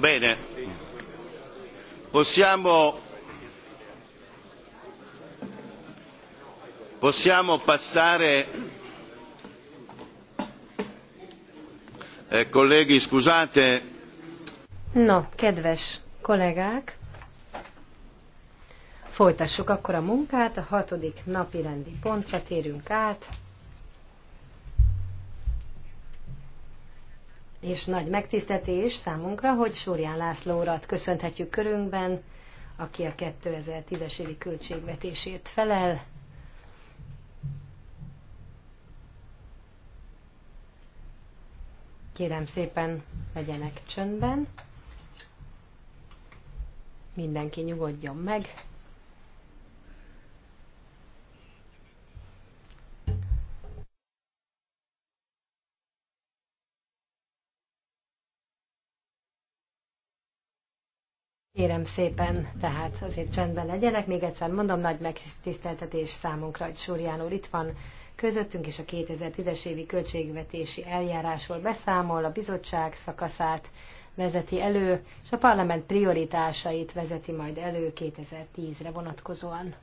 Bene. Possiamo, possiamo passare, eh, colleghi scusate. No, kedves kollégák, folytassuk akkor a munkát, a hatodik napi rendi pontra térünk át. és nagy megtiszteltés számunkra, hogy Súrján László urat köszönhetjük körünkben, aki a 2010-es évi költségvetésért felel. Kérem szépen, legyenek csöndben. Mindenki nyugodjon meg. Kérem szépen, tehát azért csendben legyenek. Még egyszer mondom, nagy megtiszteltetés számunkra, hogy Súrján úr itt van közöttünk, és a 2010-es évi költségvetési eljárásról beszámol, a bizottság szakaszát vezeti elő, és a parlament prioritásait vezeti majd elő 2010-re vonatkozóan.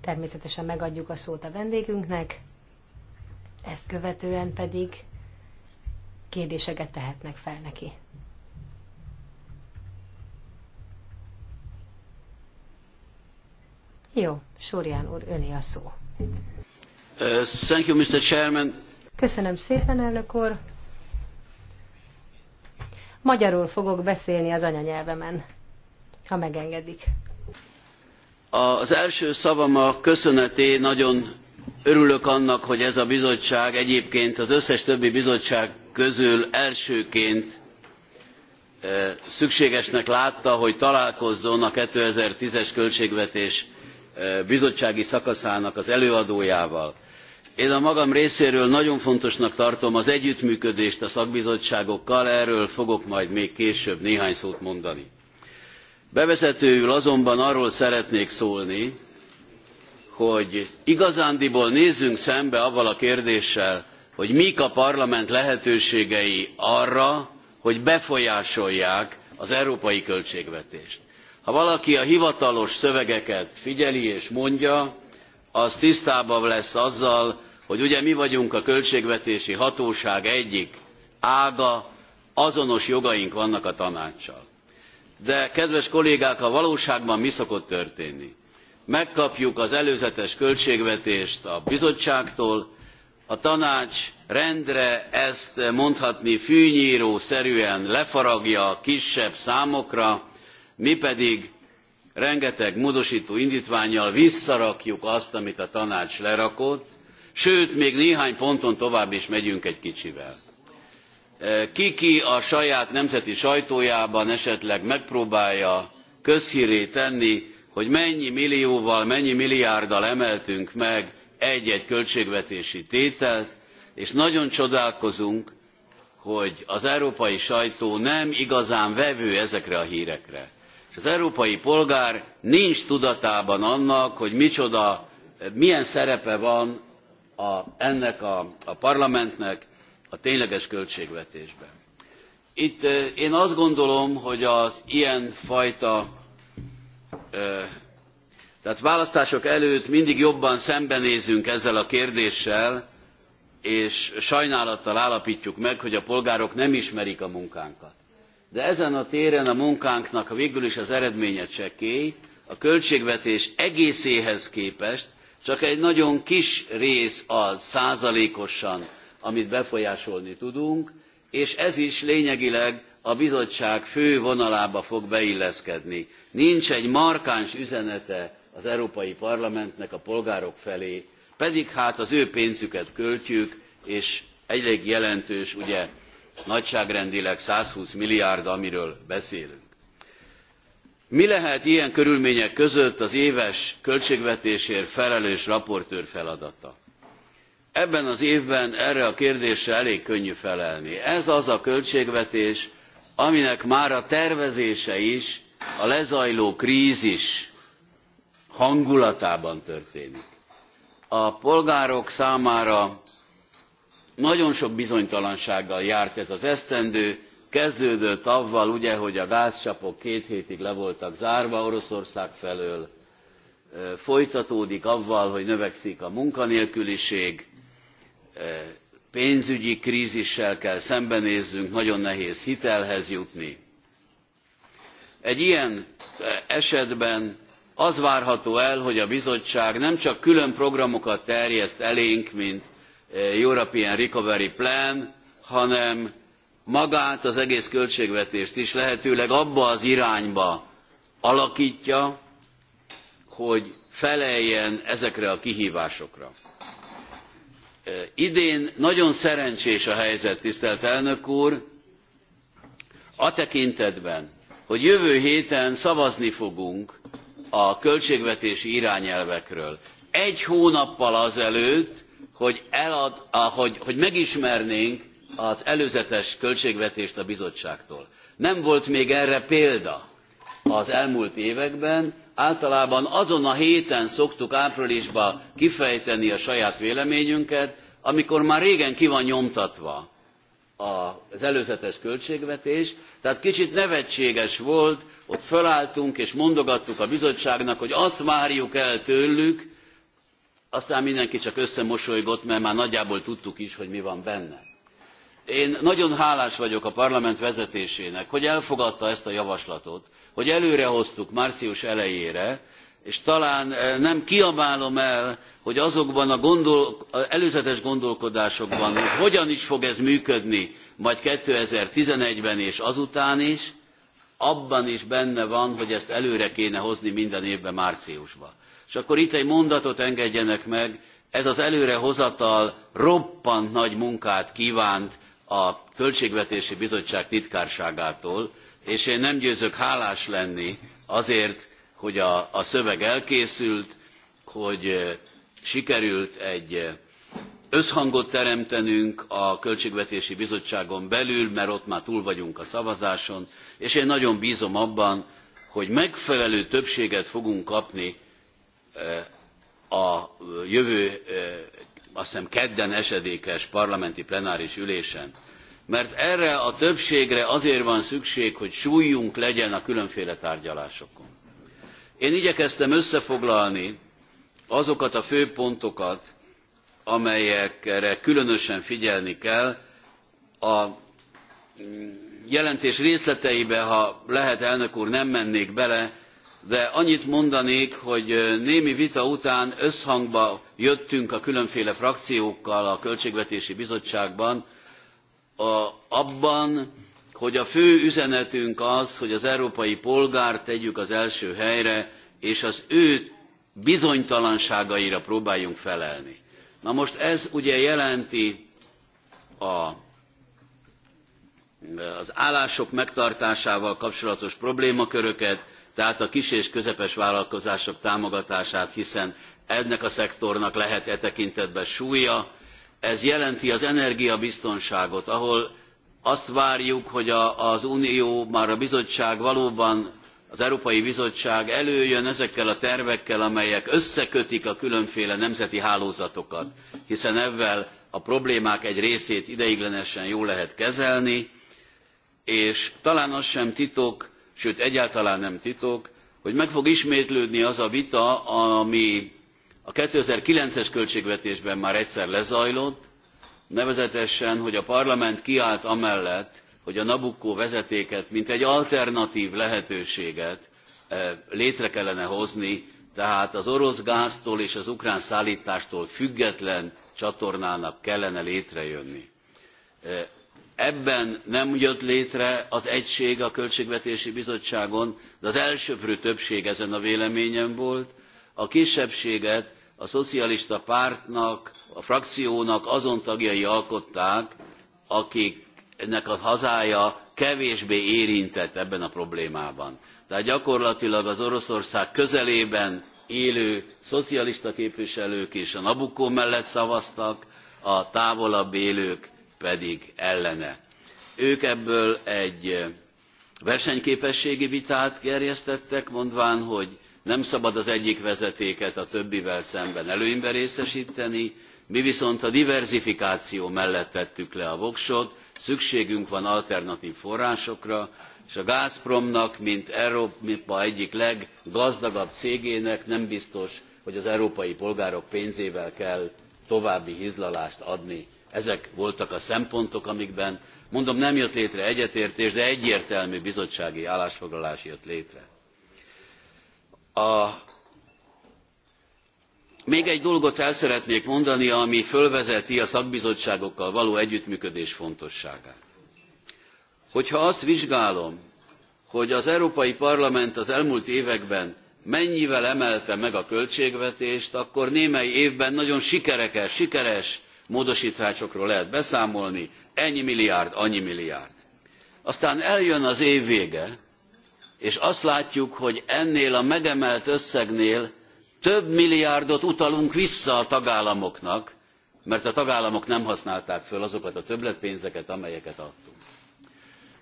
Természetesen megadjuk a szót a vendégünknek, ezt követően pedig kérdéseket tehetnek fel neki. Jó, Súrján úr, öné a szó. thank you, Mr. Chairman. Köszönöm szépen, elnök úr. Magyarul fogok beszélni az anyanyelvemen, ha megengedik. Az első szavam a köszöneté, nagyon örülök annak, hogy ez a bizottság egyébként az összes többi bizottság közül elsőként szükségesnek látta, hogy találkozzon a 2010-es költségvetés bizottsági szakaszának az előadójával. én a magam részéről nagyon fontosnak tartom az együttműködést a szakbizottságokkal erről fogok majd még később néhány szót mondani. bevezetőül azonban arról szeretnék szólni hogy igazándiból nézzünk szembe avval a kérdéssel hogy mik a parlament lehetőségei arra hogy befolyásolják az európai költségvetést ha valaki a hivatalos szövegeket figyeli és mondja, az tisztában lesz azzal, hogy ugye mi vagyunk a költségvetési hatóság egyik ága, azonos jogaink vannak a tanácssal. De kedves kollégák, a valóságban mi szokott történni? Megkapjuk az előzetes költségvetést a bizottságtól, a tanács rendre ezt mondhatni fűnyíró szerűen lefaragja kisebb számokra, mi pedig rengeteg módostó indtvánnyal visszarakjuk azt amit a tanács lerakott sőt még néhány ponton tovább is megyünk egy kicsivel. E, ki ki a saját nemzeti sajtójában esetleg megpróbálja közhírét tenni hogy mennyi millióval mennyi milliárddal emeltünk meg egy egy költségvetési tételt és nagyon csodálkozunk hogy az európai sajtó nem igazán vevő ezekre a hrekre és az európai polgár nincs tudatában annak, hogy micsoda, milyen szerepe van a, ennek a, a parlamentnek a tényleges költségvetésben. Itt én azt gondolom, hogy az ilyen fajta, tehát választások előtt mindig jobban szembenézünk ezzel a kérdéssel, és sajnálattal állapítjuk meg, hogy a polgárok nem ismerik a munkánkat de ezen a téren a munkánknak végül is az eredménye csekély a költségvetés egészéhez képest csak egy nagyon kis rész az százalékosan amit befolyásolni tudunk és ez is lényegileg a bizottság fő vonalába fog beilleszkedni. nincs egy markáns üzenete az európai parlamentnek a polgárok felé pedig hát az ő pénzüket költjük és elég jelentős ugye nagyságrendileg 120 milliárd, amiről beszélünk. Mi lehet ilyen körülmények között az éves költségvetésért felelős raportőr feladata? Ebben az évben erre a kérdésre elég könnyű felelni. Ez az a költségvetés, aminek már a tervezése is a lezajló krízis hangulatában történik. A polgárok számára nagyon sok bizonytalansággal járt ez az esztendő kezdődött avval ugye hogy a gázcsapok két hétig le voltak zárva oroszország felől folytatódik avval hogy növekszik a munkanélküliség pénzügyi krízissel kell szembenéznünk nagyon nehéz hitelhez jutni. egy ilyen esetben az várható el hogy a bizottság nem csak külön programokat terjeszt elénk mint European Recovery Plan, hanem magát az egész költségvetést is lehetőleg abba az irányba alakítja, hogy feleljen ezekre a kihívásokra. Idén nagyon szerencsés a helyzet, tisztelt elnök úr, a tekintetben, hogy jövő héten szavazni fogunk a költségvetési irányelvekről. Egy hónappal azelőtt hogy, elad, ahogy, hogy megismernénk az előzetes költségvetést a bizottságtól. Nem volt még erre példa az elmúlt években, általában azon a héten szoktuk áprilisban kifejteni a saját véleményünket, amikor már régen ki van nyomtatva az előzetes költségvetés, tehát kicsit nevetséges volt, ott fölálltunk és mondogattuk a bizottságnak, hogy azt várjuk el tőlük, aztán mindenki csak összemosolygott, mert már nagyjából tudtuk is, hogy mi van benne. Én nagyon hálás vagyok a parlament vezetésének, hogy elfogadta ezt a javaslatot, hogy előrehoztuk március elejére, és talán eh, nem kiabálom el, hogy azokban a gondol, előzetes gondolkodásokban, hogy hogyan is fog ez működni majd 2011-ben és azután is, abban is benne van, hogy ezt előre kéne hozni minden évben márciusban. És akkor itt egy mondatot engedjenek meg, ez az előrehozatal roppant nagy munkát kívánt a Költségvetési Bizottság titkárságától, és én nem győzök hálás lenni azért, hogy a, a szöveg elkészült, hogy sikerült egy összhangot teremtenünk a Költségvetési Bizottságon belül, mert ott már túl vagyunk a szavazáson, és én nagyon bízom abban, hogy megfelelő többséget fogunk kapni a jövő, azt hiszem kedden esedékes parlamenti plenáris ülésen. Mert erre a többségre azért van szükség, hogy súlyunk legyen a különféle tárgyalásokon. Én igyekeztem összefoglalni azokat a fő pontokat, amelyekre különösen figyelni kell. A jelentés részleteibe, ha lehet, elnök úr, nem mennék bele, de annyit mondanék hogy némi vita után összhangba jöttünk a különféle frakciókkal a költségvetési bizottságban a, abban hogy a fő üzenetünk az hogy az európai polgárt tegyük az első helyre és az ő bizonytalanságaira próbáljunk felelni. na most ez ugye jelenti a az állások megtartásával kapcsolatos problémaköröket tehát a kis és közepes vállalkozások támogatását hiszen ennek a szektornak lehet e tekintetben súlya ez jelenti az energiabiztonságot ahol azt várjuk hogy a, az unió már a bizottság valóban az európai bizottság előjön ezekkel a tervekkel amelyek összekötik a különféle nemzeti hálózatokat hiszen ezzel a problémák egy részét ideiglenesen jól lehet kezelni és talán az sem titok sőt egyáltalán nem titok, hogy meg fog ismétlődni az a vita, ami a 2009-es költségvetésben már egyszer lezajlott, nevezetesen, hogy a parlament kiállt amellett, hogy a Nabucco vezetéket, mint egy alternatív lehetőséget eh, létre kellene hozni, tehát az orosz gáztól és az ukrán szállítástól független csatornának kellene létrejönni. Eh, ebben nem jött létre az egység a költségvetési bizottságon de az elsöprő többség ezen a véleményen volt a kisebbséget a szocialista pártnak a frakciónak azon tagjai alkották akiknek a hazája kevésbé érintett ebben a problémában. tehát gyakorlatilag az oroszország közelében élő szocialista képviselők is a nabucco mellett szavaztak a távolabb élők pedig ellene. Ők ebből egy versenyképességi vitát gerjesztettek, mondván, hogy nem szabad az egyik vezetéket a többivel szemben előnybe részesíteni, mi viszont a diversifikáció mellett tettük le a voksot, szükségünk van alternatív forrásokra, és a Gazpromnak, mint Európa egyik leggazdagabb cégének nem biztos, hogy az európai polgárok pénzével kell további hizlalást adni ezek voltak a szempontok, amikben, mondom, nem jött létre egyetértés, de egyértelmű bizottsági állásfoglalás jött létre. A... Még egy dolgot el szeretnék mondani, ami fölvezeti a szakbizottságokkal való együttműködés fontosságát. Hogyha azt vizsgálom, hogy az Európai Parlament az elmúlt években mennyivel emelte meg a költségvetést, akkor némely évben nagyon sikerekes, sikeres módostásokról lehet beszámolni, ennyi milliárd, annyi milliárd. Aztán eljön az év vége, és azt látjuk, hogy ennél a megemelt összegnél több milliárdot utalunk vissza a tagállamoknak, mert a tagállamok nem használták föl azokat a többletpénzeket, amelyeket adtunk.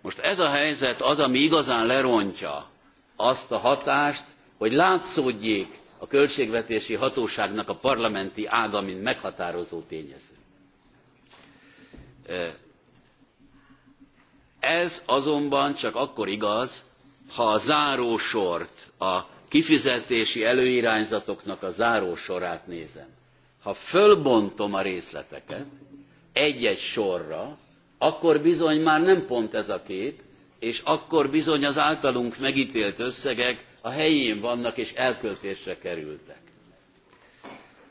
Most ez a helyzet az, ami igazán lerontja azt a hatást, hogy látszódjék a költségvetési hatóságnak a parlamenti ága, mint meghatározó tényező. Ez azonban csak akkor igaz, ha a zárósort, a kifizetési előirányzatoknak a zárósorát nézem. Ha fölbontom a részleteket egy-egy sorra, akkor bizony már nem pont ez a kép, és akkor bizony az általunk megítélt összegek a helyén vannak és elköltésre kerültek.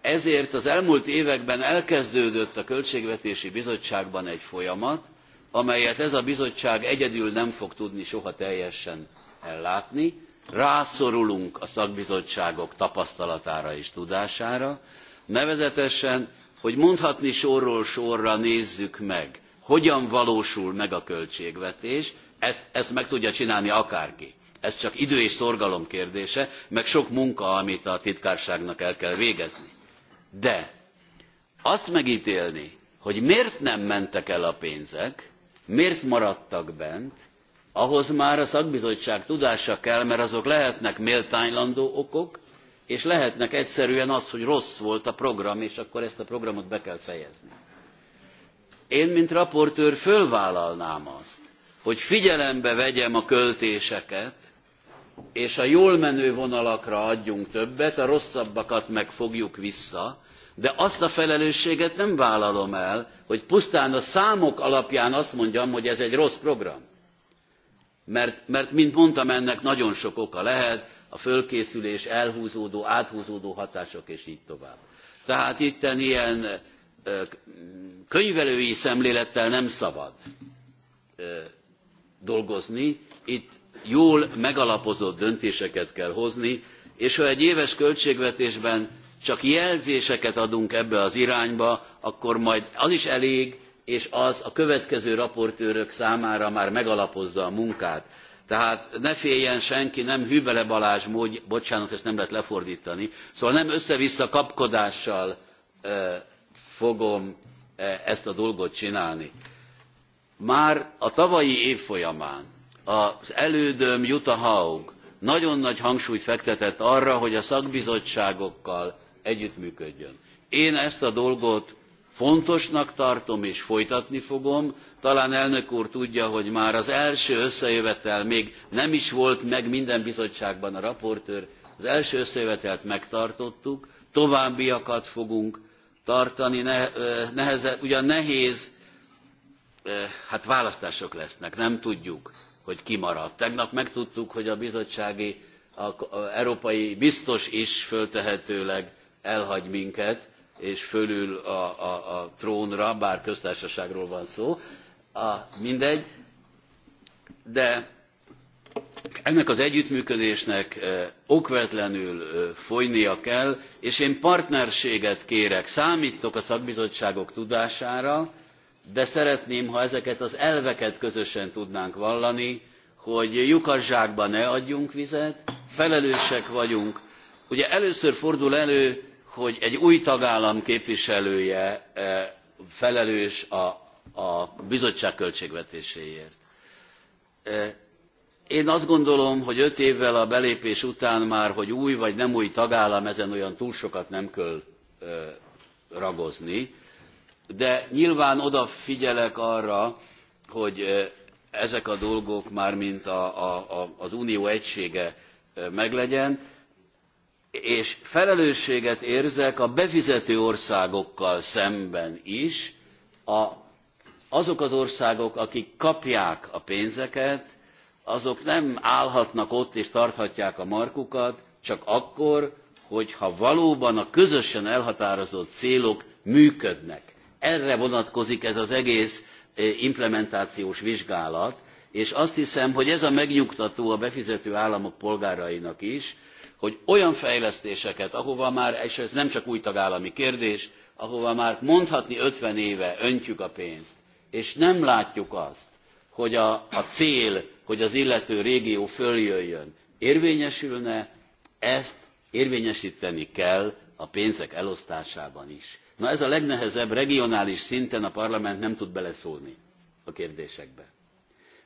Ezért az elmúlt években elkezdődött a Költségvetési Bizottságban egy folyamat, amelyet ez a bizottság egyedül nem fog tudni soha teljesen ellátni. Rászorulunk a szakbizottságok tapasztalatára és tudására, nevezetesen, hogy mondhatni sorról sorra nézzük meg, hogyan valósul meg a költségvetés, ezt, ezt meg tudja csinálni akárki ez csak idő és szorgalom kérdése, meg sok munka, amit a titkárságnak el kell végezni. De azt megítélni, hogy miért nem mentek el a pénzek, miért maradtak bent, ahhoz már a szakbizottság tudása kell, mert azok lehetnek méltánylandó okok, és lehetnek egyszerűen az, hogy rossz volt a program, és akkor ezt a programot be kell fejezni. Én, mint raportőr, fölvállalnám azt, hogy figyelembe vegyem a költéseket, és a jól menő vonalakra adjunk többet, a rosszabbakat meg fogjuk vissza, de azt a felelősséget nem vállalom el, hogy pusztán a számok alapján azt mondjam, hogy ez egy rossz program. Mert, mert mint mondtam, ennek nagyon sok oka lehet, a fölkészülés, elhúzódó, áthúzódó hatások, és így tovább. Tehát itten ilyen könyvelői szemlélettel nem szabad dolgozni, itt jól megalapozott döntéseket kell hozni, és ha egy éves költségvetésben csak jelzéseket adunk ebbe az irányba, akkor majd az is elég, és az a következő raportőrök számára már megalapozza a munkát. Tehát ne féljen senki, nem Hübele Balázs módj, bocsánat, ezt nem lehet lefordítani. Szóval nem össze-vissza kapkodással fogom ezt a dolgot csinálni már a tavalyi év folyamán az elődöm Jutta Haug nagyon nagy hangsúlyt fektetett arra, hogy a szakbizottságokkal együttműködjön. Én ezt a dolgot fontosnak tartom és folytatni fogom. Talán elnök úr tudja, hogy már az első összejövetel még nem is volt meg minden bizottságban a raportőr, az első összejövetelt megtartottuk, továbbiakat fogunk tartani, neheze, ugyan nehéz hát választások lesznek, nem tudjuk, hogy ki marad. Tegnap megtudtuk, hogy a bizottsági, a, a európai biztos is föltehetőleg elhagy minket, és fölül a, a, a trónra, bár köztársaságról van szó, a, mindegy, de ennek az együttműködésnek okvetlenül folynia kell, és én partnerséget kérek, számítok a szakbizottságok tudására, de szeretném, ha ezeket az elveket közösen tudnánk vallani, hogy lyukasszsákba ne adjunk vizet, felelősek vagyunk. Ugye először fordul elő, hogy egy új tagállam képviselője eh, felelős a, a bizottság költségvetéséért. Eh, én azt gondolom, hogy öt évvel a belépés után már, hogy új vagy nem új tagállam, ezen olyan túl sokat nem kell eh, ragozni de nyilván odafigyelek arra, hogy ezek a dolgok már mint a, a, az unió egysége meglegyen, és felelősséget érzek a befizető országokkal szemben is, a, azok az országok, akik kapják a pénzeket, azok nem állhatnak ott és tarthatják a markukat, csak akkor, hogyha valóban a közösen elhatározott célok működnek erre vonatkozik ez az egész e, implementációs vizsgálat, és azt hiszem, hogy ez a megnyugtató a befizető államok polgárainak is, hogy olyan fejlesztéseket, ahova már, és ez nem csak új tagállami kérdés, ahova már mondhatni 50 éve öntjük a pénzt, és nem látjuk azt, hogy a, a cél, hogy az illető régió följöjjön, érvényesülne, ezt érvényesíteni kell a pénzek elosztásában is na ez a legnehezebb regionális szinten a parlament nem tud beleszólni a kérdésekbe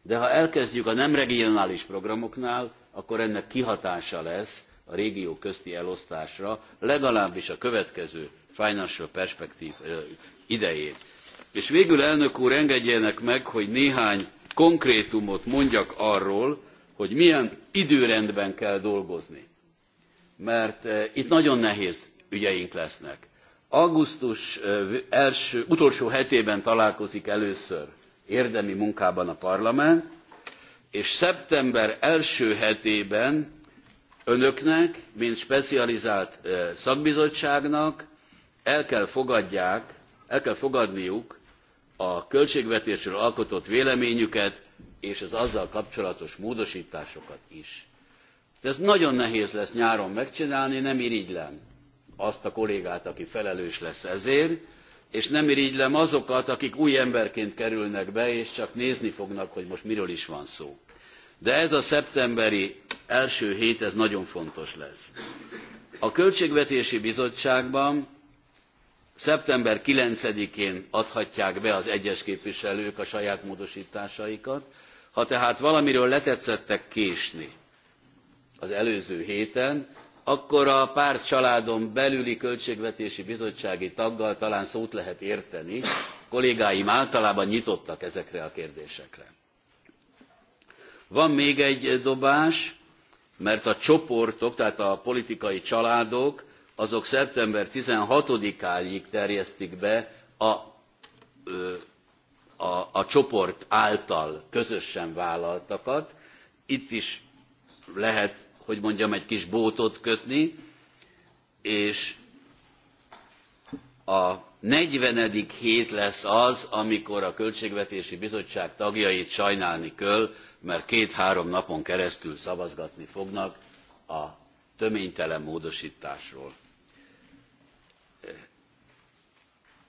de ha elkezdjük a nem regionális programoknál akkor ennek kihatása lesz a régiók közti elosztásra legalábbis a következő financial perspective idején. és végül elnök úr engedjenek meg hogy néhány konkrétumot mondjak arról hogy milyen időrendben kell dolgozni mert itt nagyon nehéz ügyeink lesznek augusztus első, utolsó hetében találkozik először érdemi munkában a parlament, és szeptember első hetében önöknek, mint specializált szakbizottságnak el kell, fogadják, el kell fogadniuk a költségvetésről alkotott véleményüket és az azzal kapcsolatos módosításokat is. Ez nagyon nehéz lesz nyáron megcsinálni, nem irigylem azt a kollégát, aki felelős lesz ezért, és nem irigylem azokat, akik új emberként kerülnek be, és csak nézni fognak, hogy most miről is van szó. De ez a szeptemberi első hét, ez nagyon fontos lesz. A Költségvetési Bizottságban szeptember 9-én adhatják be az egyes képviselők a saját módosításaikat, ha tehát valamiről letetszettek késni az előző héten, akkor a pártcsaládon belüli költségvetési bizottsági taggal talán szót lehet érteni kollégáim általában nyitottak ezekre a kérdésekre. van még egy dobás mert a csoportok tehát a politikai családok azok szeptember sixteen áig terjesztik be a, a, a csoport által közösen vállaltakat itt is lehet hogy mondjam, egy kis bótot kötni, és a 40. hét lesz az, amikor a Költségvetési Bizottság tagjait sajnálni kell, mert két-három napon keresztül szavazgatni fognak a töménytelen módosításról.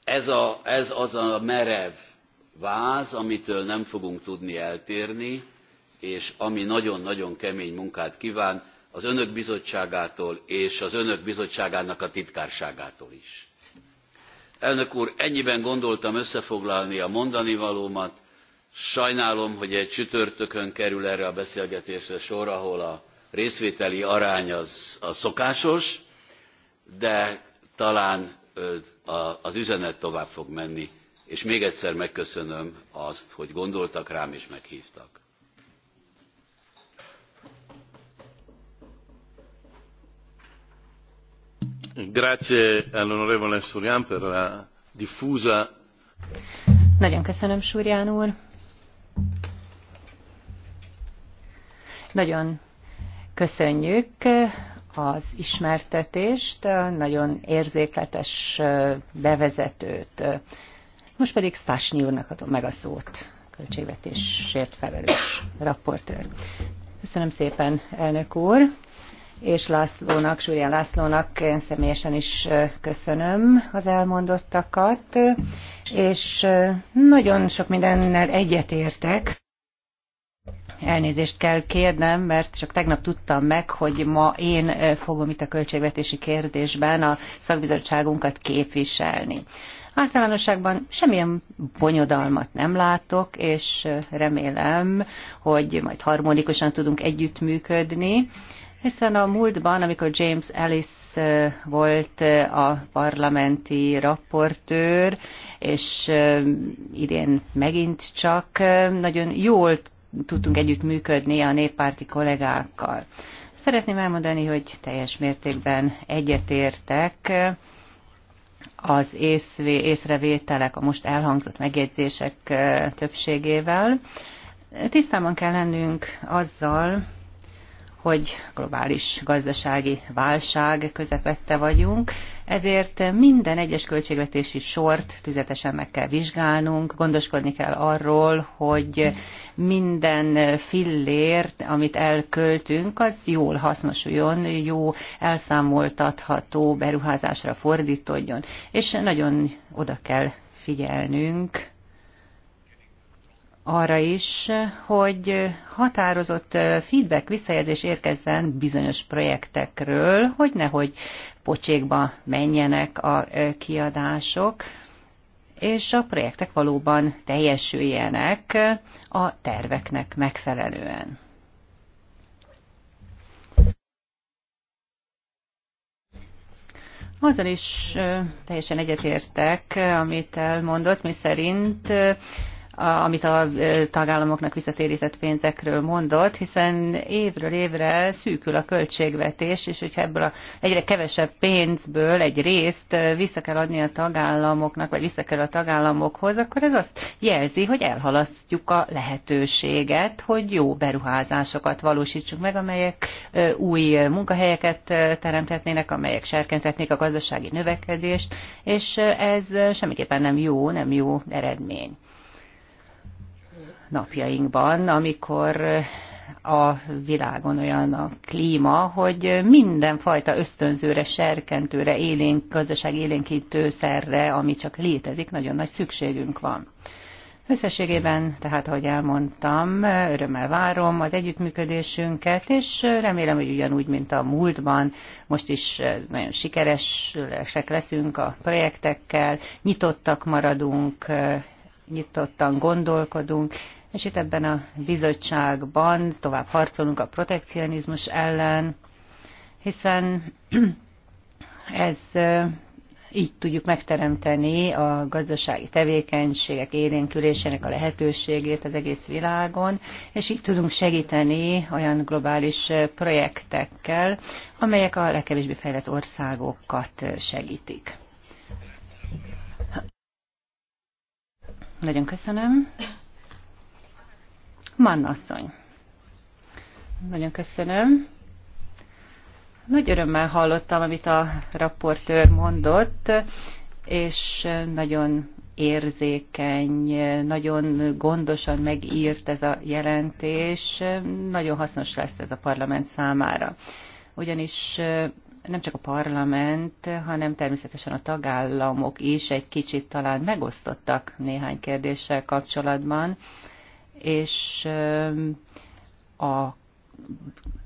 Ez, a, ez az a merev váz, amitől nem fogunk tudni eltérni, és ami nagyon-nagyon kemény munkát kíván, az önök bizottságától és az önök bizottságának a titkárságától is. Elnök úr, ennyiben gondoltam összefoglalni a mondani valómat. Sajnálom, hogy egy csütörtökön kerül erre a beszélgetésre sor, ahol a részvételi arány az a szokásos, de talán az üzenet tovább fog menni, és még egyszer megköszönöm azt, hogy gondoltak rám és meghívtak. Grazie all'onorevole per la diffusa. Nagyon köszönöm, surján úr. Nagyon köszönjük az ismertetést, a nagyon érzékletes bevezetőt. Most pedig Szásnyi úrnak adom meg a szót, költségvetésért felelős raportőr. Köszönöm szépen, elnök úr, és Lászlónak, Súrján Lászlónak én személyesen is köszönöm az elmondottakat, és nagyon sok mindennel egyetértek. Elnézést kell kérnem, mert csak tegnap tudtam meg, hogy ma én fogom itt a költségvetési kérdésben a szakbizottságunkat képviselni. Általánosságban semmilyen bonyodalmat nem látok, és remélem, hogy majd harmonikusan tudunk együttműködni hiszen a múltban, amikor James Ellis volt a parlamenti rapportőr, és idén megint csak nagyon jól tudtunk együtt működni a néppárti kollégákkal. Szeretném elmondani, hogy teljes mértékben egyetértek az észvé, észrevételek, a most elhangzott megjegyzések többségével. Tisztában kell lennünk azzal, hogy globális gazdasági válság közepette vagyunk, ezért minden egyes költségvetési sort tüzetesen meg kell vizsgálnunk, gondoskodni kell arról, hogy minden fillért, amit elköltünk, az jól hasznosuljon, jó elszámoltatható beruházásra fordítódjon, és nagyon oda kell figyelnünk arra is, hogy határozott feedback, visszajelzés érkezzen bizonyos projektekről, hogy nehogy pocsékba menjenek a kiadások, és a projektek valóban teljesüljenek a terveknek megfelelően. Azzal is teljesen egyetértek, amit elmondott, mi szerint amit a tagállamoknak visszatérített pénzekről mondott, hiszen évről évre szűkül a költségvetés, és hogyha ebből a egyre kevesebb pénzből egy részt vissza kell adni a tagállamoknak, vagy vissza kell a tagállamokhoz, akkor ez azt jelzi, hogy elhalasztjuk a lehetőséget, hogy jó beruházásokat valósítsuk meg, amelyek új munkahelyeket teremthetnének, amelyek serkentetnék a gazdasági növekedést, és ez semmiképpen nem jó, nem jó eredmény napjainkban, amikor a világon olyan a klíma, hogy mindenfajta ösztönzőre, serkentőre, élénk, gazdaság élénkítő szerre, ami csak létezik, nagyon nagy szükségünk van. Összességében, tehát ahogy elmondtam, örömmel várom az együttműködésünket, és remélem, hogy ugyanúgy, mint a múltban, most is nagyon sikeresek leszünk a projektekkel, nyitottak maradunk, nyitottan gondolkodunk, és itt ebben a bizottságban tovább harcolunk a protekcionizmus ellen, hiszen ez így tudjuk megteremteni a gazdasági tevékenységek élénkülésének a lehetőségét az egész világon, és így tudunk segíteni olyan globális projektekkel, amelyek a legkevésbé fejlett országokat segítik. Nagyon köszönöm. Mann asszony. Nagyon köszönöm. Nagy örömmel hallottam, amit a raportőr mondott, és nagyon érzékeny, nagyon gondosan megírt ez a jelentés, nagyon hasznos lesz ez a parlament számára. Ugyanis nem csak a parlament, hanem természetesen a tagállamok is egy kicsit talán megosztottak néhány kérdéssel kapcsolatban, és a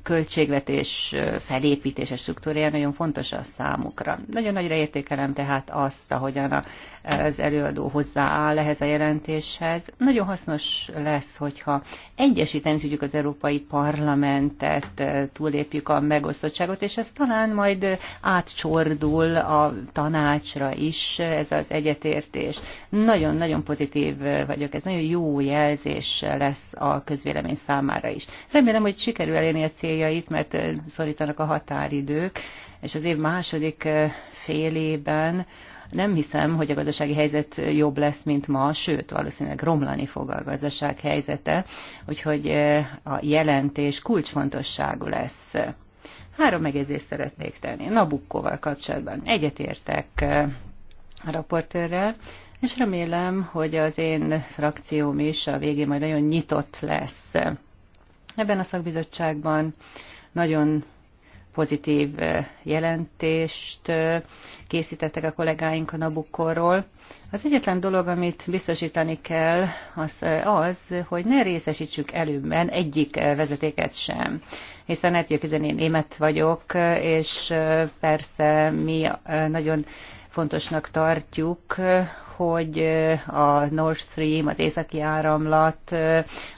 költségvetés felépítése struktúrája nagyon fontos a számukra. Nagyon nagyra értékelem tehát azt, ahogyan az előadó hozzááll ehhez a jelentéshez. Nagyon hasznos lesz, hogyha egyesíteni tudjuk az Európai Parlamentet, túlépjük a megosztottságot, és ez talán majd átcsordul a tanácsra is, ez az egyetértés. Nagyon-nagyon pozitív vagyok, ez nagyon jó jelzés lesz a közvélemény számára is. Remélem, hogy sikerül elérni a cél céljait, mert szorítanak a határidők, és az év második félében nem hiszem, hogy a gazdasági helyzet jobb lesz, mint ma, sőt, valószínűleg romlani fog a gazdaság helyzete, úgyhogy a jelentés kulcsfontosságú lesz. Három megjegyzést szeretnék tenni. Nabukkóval kapcsolatban egyetértek a raportőrrel, és remélem, hogy az én frakcióm is a végén majd nagyon nyitott lesz Ebben a szakbizottságban nagyon pozitív eh, jelentést eh, készítettek a kollégáink a Nabukorról. Az egyetlen dolog, amit biztosítani kell, az eh, az, hogy ne részesítsük előbben egyik vezetéket sem. Hiszen hát tudjuk én német vagyok, és persze mi nagyon fontosnak tartjuk, hogy a Nord Stream, az északi áramlat,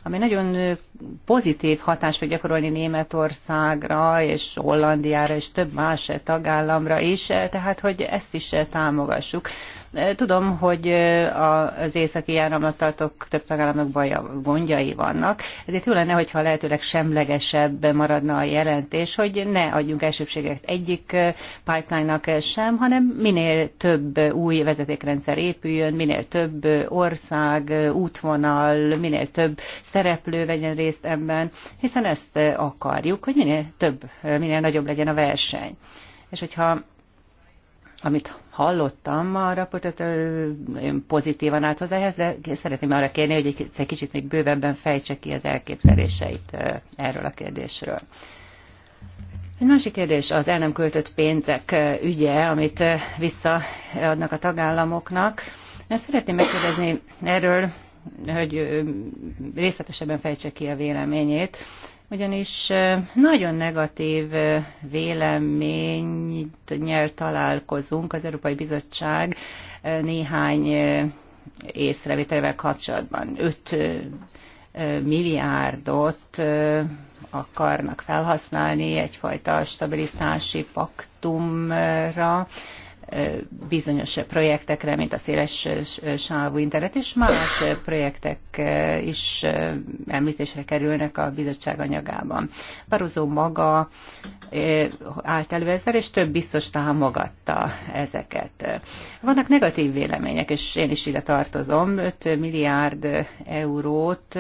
ami nagyon pozitív hatást fog gyakorolni Németországra és Hollandiára és több más tagállamra is, tehát hogy ezt is támogassuk. Tudom, hogy az északi áramlatok több tagállamnak baja, gondjai vannak, ezért jó lenne, hogyha lehetőleg semlegesebb maradna a jelentés, hogy ne adjunk elsőbséget egyik pipeline-nak sem, hanem minél több új vezetékrendszer épül, épüljön, minél több ország, útvonal, minél több szereplő vegyen részt ebben, hiszen ezt akarjuk, hogy minél több, minél nagyobb legyen a verseny. És hogyha amit hallottam a raportot, én pozitívan állt hozzá ehhez, de szeretném arra kérni, hogy egy kicsit még bővebben fejtse ki az elképzeléseit erről a kérdésről. Egy másik kérdés az el nem költött pénzek ügye, amit visszaadnak a tagállamoknak. Ezt szeretném megkérdezni erről, hogy részletesebben fejtse ki a véleményét, ugyanis nagyon negatív véleményt nyert találkozunk az Európai Bizottság néhány észrevételvel kapcsolatban. 5 milliárdot akarnak felhasználni egyfajta stabilitási paktumra, bizonyos projektekre, mint a széles sávú internet, és más projektek is említésre kerülnek a bizottság anyagában. Barozó maga állt elő ezzel, és több biztos támogatta ezeket. Vannak negatív vélemények, és én is ide tartozom, 5 milliárd eurót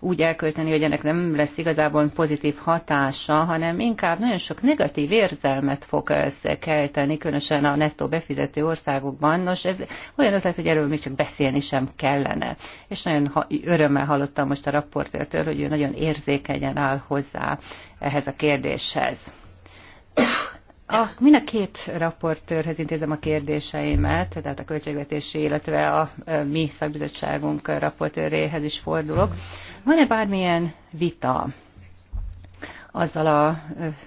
úgy elkölteni, hogy ennek nem lesz igazából pozitív hatása, hanem inkább nagyon sok negatív érzelmet fog kelteni, különösen a nettó befizető országokban. Nos, ez olyan ötlet, hogy erről még csak beszélni sem kellene. És nagyon örömmel hallottam most a raportőrtől, hogy ő nagyon érzékenyen áll hozzá ehhez a kérdéshez. A, mind a két raportőrhez intézem a kérdéseimet, tehát a költségvetési, illetve a, a mi szakbizottságunk raportőréhez is fordulok. Van-e bármilyen vita azzal a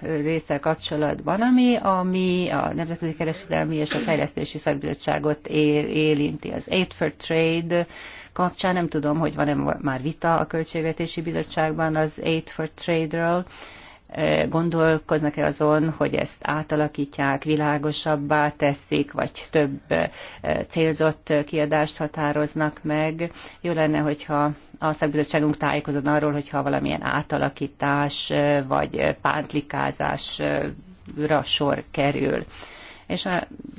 résszel kapcsolatban, ami, ami a Nemzetközi Kereskedelmi és a Fejlesztési Szakbizottságot él, élinti. Az Aid for Trade kapcsán nem tudom, hogy van-e már vita a Költségvetési Bizottságban az Aid for Trade-ről, gondolkoznak-e azon, hogy ezt átalakítják, világosabbá teszik, vagy több célzott kiadást határoznak meg. Jó lenne, hogyha a szakbizottságunk tájékozódna arról, hogyha valamilyen átalakítás vagy pántlikázásra sor kerül és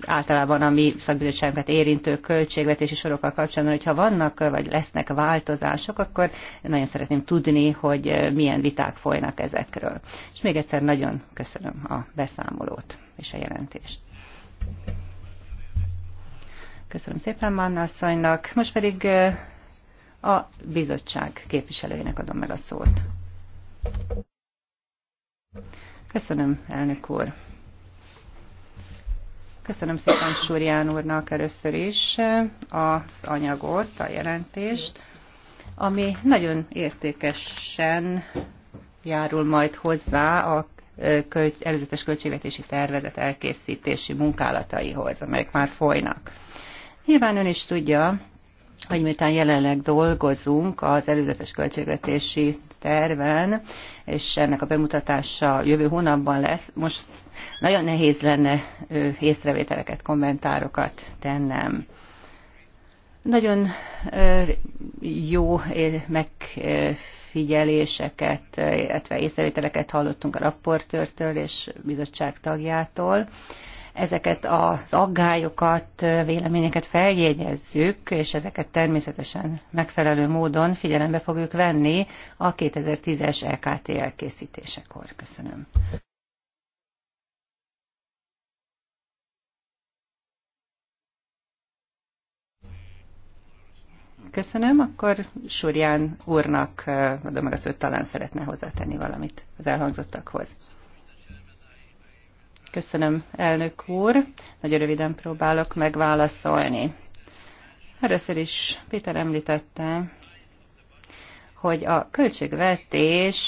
általában a mi szakbizottságunkat érintő költségvetési sorokkal kapcsolatban, hogyha vannak vagy lesznek változások, akkor nagyon szeretném tudni, hogy milyen viták folynak ezekről. És még egyszer nagyon köszönöm a beszámolót és a jelentést. Köszönöm szépen Manna asszonynak. Most pedig a bizottság képviselőjének adom meg a szót. Köszönöm, elnök úr. Köszönöm szépen Súrián úrnak először is az anyagot, a jelentést, ami nagyon értékesen járul majd hozzá a előzetes költségvetési tervezet elkészítési munkálataihoz, amelyek már folynak. Nyilván ön is tudja, hogy miután jelenleg dolgozunk az előzetes költségvetési terven, és ennek a bemutatása jövő hónapban lesz. Most nagyon nehéz lenne észrevételeket, kommentárokat tennem. Nagyon jó megfigyeléseket, illetve észrevételeket hallottunk a rapportőrtől és bizottság tagjától ezeket az aggályokat, véleményeket feljegyezzük, és ezeket természetesen megfelelő módon figyelembe fogjuk venni a 2010-es LKT elkészítésekor. Köszönöm. Köszönöm, akkor Súrján úrnak adom meg a szót, talán szeretne hozzátenni valamit az elhangzottakhoz. Köszönöm, elnök úr. Nagyon röviden próbálok megválaszolni. Először is Péter említette, hogy a költségvetés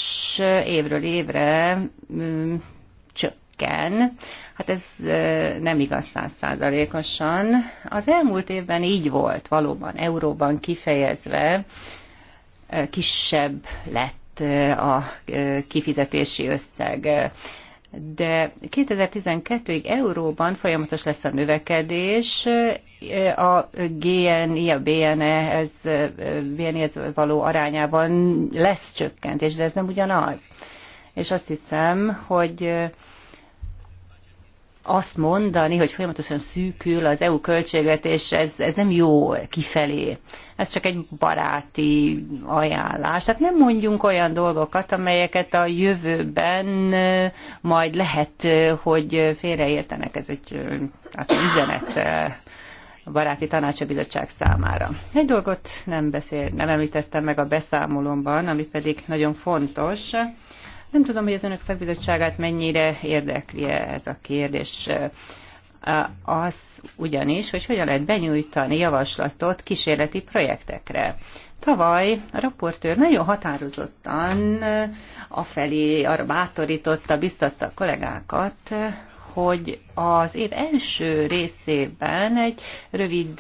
évről évre mm, csökken. Hát ez nem igaz százszázalékosan. Az elmúlt évben így volt, valóban euróban kifejezve kisebb lett a kifizetési összeg de 2012-ig euróban folyamatos lesz a növekedés, a GNI, a BNE, ez, bni ez való arányában lesz csökkentés, de ez nem ugyanaz. És azt hiszem, hogy azt mondani, hogy folyamatosan szűkül az EU költségvetés, ez, ez nem jó kifelé. Ez csak egy baráti ajánlás. Tehát nem mondjunk olyan dolgokat, amelyeket a jövőben majd lehet, hogy félreértenek. Ez egy hát üzenet a baráti tanácsabizottság számára. Egy dolgot nem, beszél, nem említettem meg a beszámolomban, ami pedig nagyon fontos. Nem tudom, hogy az önök szakbizottságát mennyire érdekli -e ez a kérdés. Az ugyanis, hogy hogyan lehet benyújtani javaslatot kísérleti projektekre. Tavaly a raportőr nagyon határozottan afelé arra bátorította, biztatta a kollégákat, hogy az év első részében egy rövid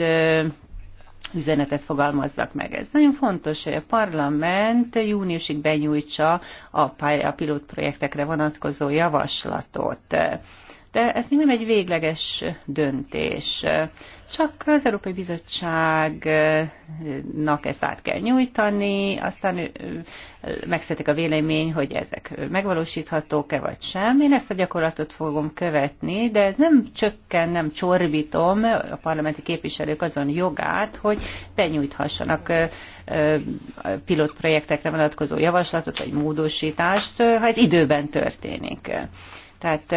üzenetet fogalmazzak meg. Ez nagyon fontos, hogy a parlament júniusig benyújtsa a pilotprojektekre vonatkozó javaslatot de ez még nem egy végleges döntés. Csak az Európai Bizottságnak ezt át kell nyújtani, aztán megszületik a vélemény, hogy ezek megvalósíthatók-e vagy sem. Én ezt a gyakorlatot fogom követni, de nem csökken, nem csorbítom a parlamenti képviselők azon jogát, hogy benyújthassanak pilotprojektekre vonatkozó javaslatot vagy módosítást, ha ez időben történik. Tehát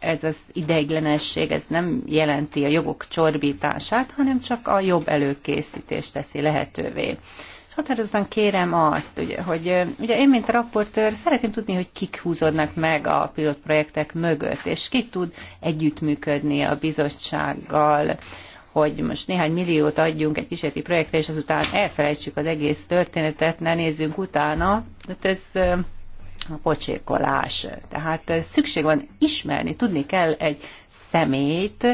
ez az ideiglenesség ez nem jelenti a jogok csorbítását, hanem csak a jobb előkészítést teszi lehetővé. És határozottan kérem azt, ugye, hogy ugye én, mint raportőr, szeretném tudni, hogy kik húzódnak meg a pilotprojektek mögött, és ki tud együttműködni a bizottsággal, hogy most néhány milliót adjunk egy kísérleti projektre, és azután elfelejtsük az egész történetet, ne nézzünk utána. Hát ez pocsékolás. Tehát szükség van ismerni, tudni kell egy személyt,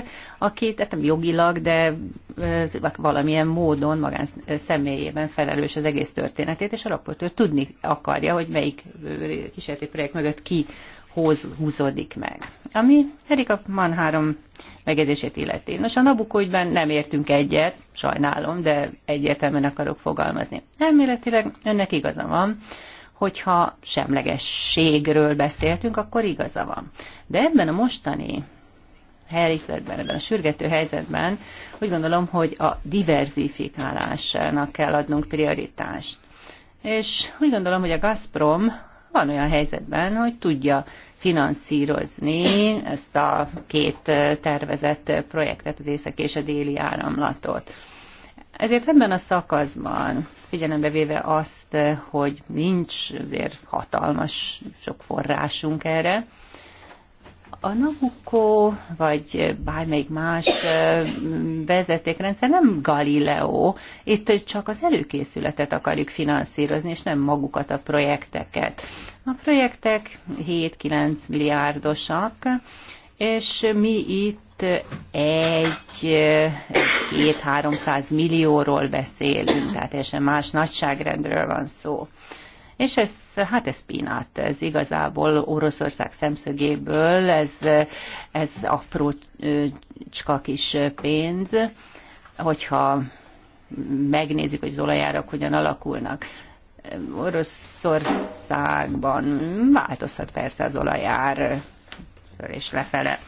tehát nem jogilag, de valamilyen módon magán személyében felelős az egész történetét, és a raportőr tudni akarja, hogy melyik kísérleti projekt mögött ki hoz, húzódik meg. Ami Erika Manhárom megjegyzését illeti. Nos, a Nabucco ügyben nem értünk egyet, sajnálom, de egyértelműen akarok fogalmazni. Elméletileg önnek igaza van, Hogyha semlegességről beszéltünk, akkor igaza van. De ebben a mostani helyzetben, ebben a sürgető helyzetben úgy gondolom, hogy a diverzifikálásnak kell adnunk prioritást. És úgy gondolom, hogy a Gazprom van olyan helyzetben, hogy tudja finanszírozni ezt a két tervezett projektet, az észak és a déli áramlatot. Ezért ebben a szakaszban, figyelembe véve azt, hogy nincs azért hatalmas sok forrásunk erre, a Nabucco, vagy bármelyik más vezetékrendszer nem Galileo, itt csak az előkészületet akarjuk finanszírozni, és nem magukat a projekteket. A projektek 7-9 milliárdosak, és mi itt egy, két-háromszáz millióról beszélünk, tehát teljesen más nagyságrendről van szó. És ez, hát ez pinát, ez igazából Oroszország szemszögéből, ez, ez csak kis pénz, hogyha megnézzük, hogy az olajárak hogyan alakulnak. Oroszországban változhat persze az olajár föl és lefele.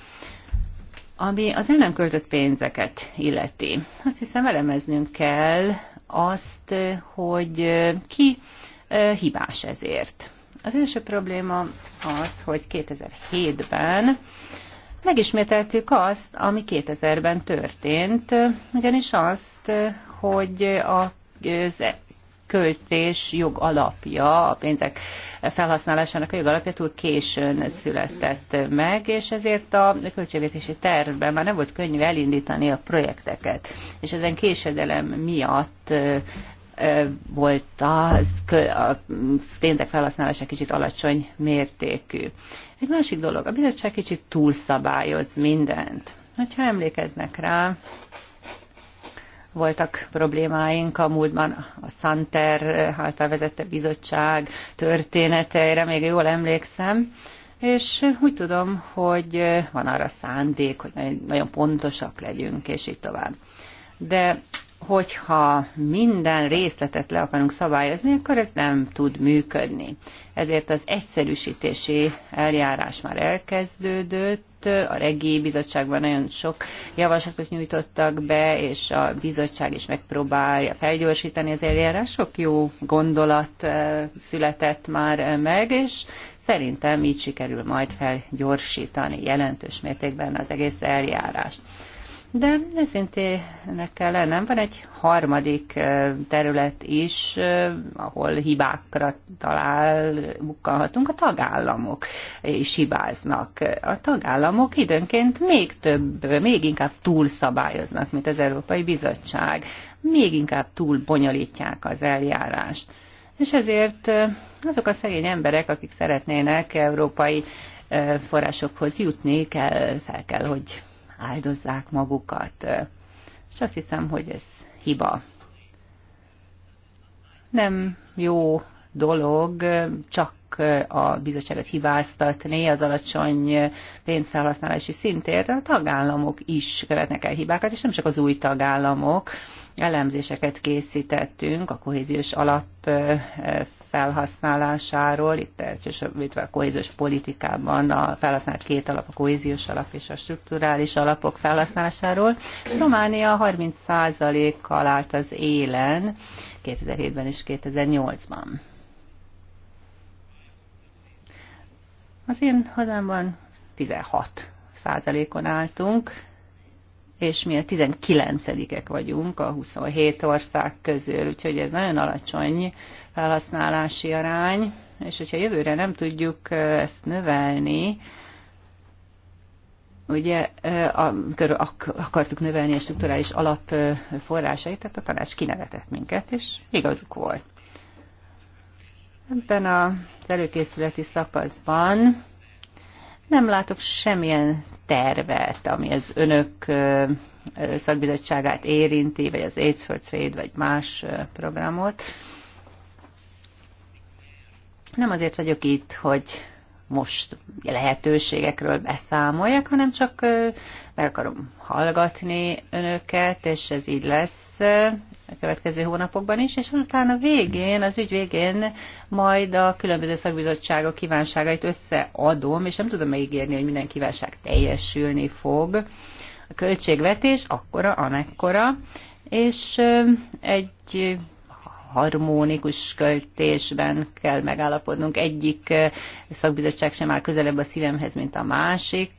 Ami az el nem költött pénzeket illeti, azt hiszem elemeznünk kell azt, hogy ki hibás ezért. Az első probléma az, hogy 2007-ben megismételtük azt, ami 2000-ben történt, ugyanis azt, hogy a az költés alapja a pénzek felhasználásának a alapja túl későn született meg, és ezért a költségvetési tervben már nem volt könnyű elindítani a projekteket. És ezen késedelem miatt volt az, a pénzek felhasználása kicsit alacsony mértékű. Egy másik dolog, a bizottság kicsit túlszabályoz mindent. Hogyha emlékeznek rá, voltak problémáink a múltban a Santer által vezette bizottság történeteire, még jól emlékszem, és úgy tudom, hogy van arra szándék, hogy nagyon pontosak legyünk, és így tovább. De hogyha minden részletet le akarunk szabályozni, akkor ez nem tud működni. Ezért az egyszerűsítési eljárás már elkezdődött, a regi bizottságban nagyon sok javaslatot nyújtottak be, és a bizottság is megpróbálja felgyorsítani az eljárás. Sok jó gondolat eh, született már meg, és szerintem így sikerül majd felgyorsítani jelentős mértékben az egész eljárást. De őszintének kell lennem, van egy harmadik terület is, ahol hibákra talál, bukkanhatunk, a tagállamok is hibáznak. A tagállamok időnként még több, még inkább túlszabályoznak, mint az Európai Bizottság, még inkább túl bonyolítják az eljárást. És ezért azok a szegény emberek, akik szeretnének európai forrásokhoz jutni, kell, fel kell, hogy áldozzák magukat. És azt hiszem, hogy ez hiba. Nem jó dolog csak a bizottságot hibáztatni az alacsony pénzfelhasználási szintért, a tagállamok is követnek el hibákat, és nem csak az új tagállamok. Elemzéseket készítettünk a kohéziós alap eh, felhasználásáról, itt elsősorban a kohéziós politikában a felhasznált két alap, a kohéziós alap és a strukturális alapok felhasználásáról. Románia 30%-kal állt az élen 2007-ben és 2008-ban. Az én hazámban 16 százalékon álltunk, és mi a 19-ek vagyunk a 27 ország közül, úgyhogy ez nagyon alacsony felhasználási arány, és hogyha jövőre nem tudjuk ezt növelni, ugye körül akartuk növelni a strukturális alap forrásait, tehát a tanács kinevetett minket, és igazuk volt. Ebben az előkészületi szakaszban nem látok semmilyen tervet, ami az önök szakbizottságát érinti, vagy az AIDS for Trade, vagy más programot. Nem azért vagyok itt, hogy most lehetőségekről beszámoljak, hanem csak meg akarom hallgatni önöket, és ez így lesz a következő hónapokban is, és azután a végén, az ügy végén majd a különböző szakbizottságok kívánságait összeadom, és nem tudom megígérni, hogy minden kívánság teljesülni fog. A költségvetés akkora, amekkora, és egy harmonikus költésben kell megállapodnunk. Egyik eh, szakbizottság sem áll közelebb a szívemhez, mint a másik,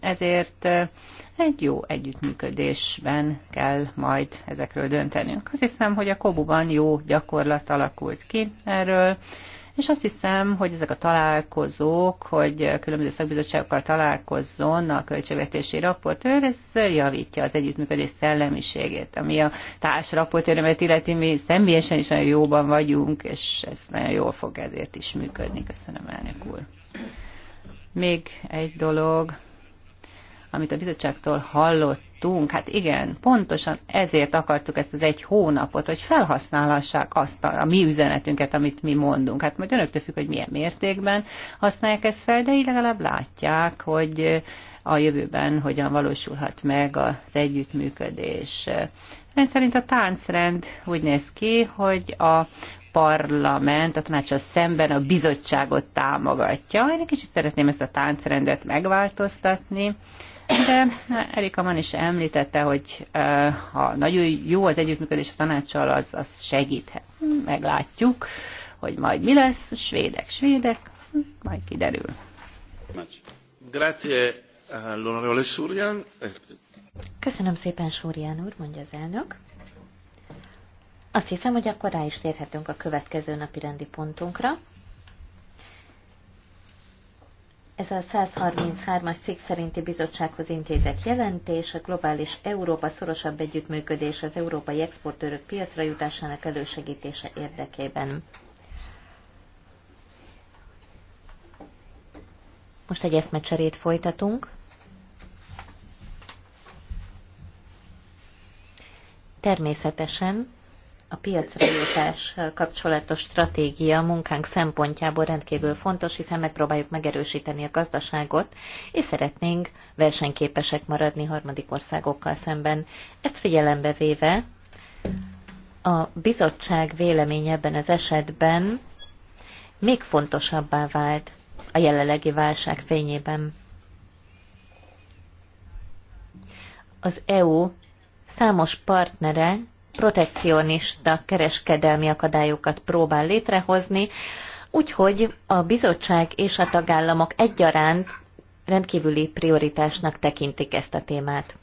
ezért eh, egy jó együttműködésben kell majd ezekről döntenünk. Azt hiszem, hogy a Kobuban jó gyakorlat alakult ki erről és azt hiszem, hogy ezek a találkozók, hogy különböző szakbizottságokkal találkozzon a költségvetési raportőr, ez javítja az együttműködés szellemiségét, ami a társ társraportőrömet illeti, mi személyesen is nagyon jóban vagyunk, és ez nagyon jól fog ezért is működni. Köszönöm, elnök úr. Még egy dolog, amit a bizottságtól hallott kaptunk. Hát igen, pontosan ezért akartuk ezt az egy hónapot, hogy felhasználhassák azt a, a mi üzenetünket, amit mi mondunk. Hát majd önöktől függ, hogy milyen mértékben használják ezt fel, de így legalább látják, hogy a jövőben hogyan valósulhat meg az együttműködés. Rendszerint a táncrend úgy néz ki, hogy a parlament, a tanácsa szemben a bizottságot támogatja. Én egy kicsit szeretném ezt a táncrendet megváltoztatni. De Erika Man is említette, hogy ha nagyon jó az együttműködés a tanácssal, az, az segíthet. Meglátjuk, hogy majd mi lesz. Svédek, svédek, majd kiderül. Grazie, eh, l'onorevole Surjan. Köszönöm szépen, Súrián úr, mondja az elnök. Azt hiszem, hogy akkor rá is térhetünk a következő napi rendi pontunkra, ez a 133-as cikk szerinti bizottsághoz intézett jelentés a globális Európa szorosabb együttműködés az európai exportőrök piacra jutásának elősegítése érdekében. Most egy eszmecserét folytatunk. Természetesen a piacra jutás kapcsolatos stratégia munkánk szempontjából rendkívül fontos, hiszen megpróbáljuk megerősíteni a gazdaságot, és szeretnénk versenyképesek maradni harmadik országokkal szemben. Ezt figyelembe véve a bizottság véleménye ebben az esetben még fontosabbá vált a jelenlegi válság fényében. Az EU számos partnere protekcionista kereskedelmi akadályokat próbál létrehozni, úgyhogy a bizottság és a tagállamok egyaránt rendkívüli prioritásnak tekintik ezt a témát.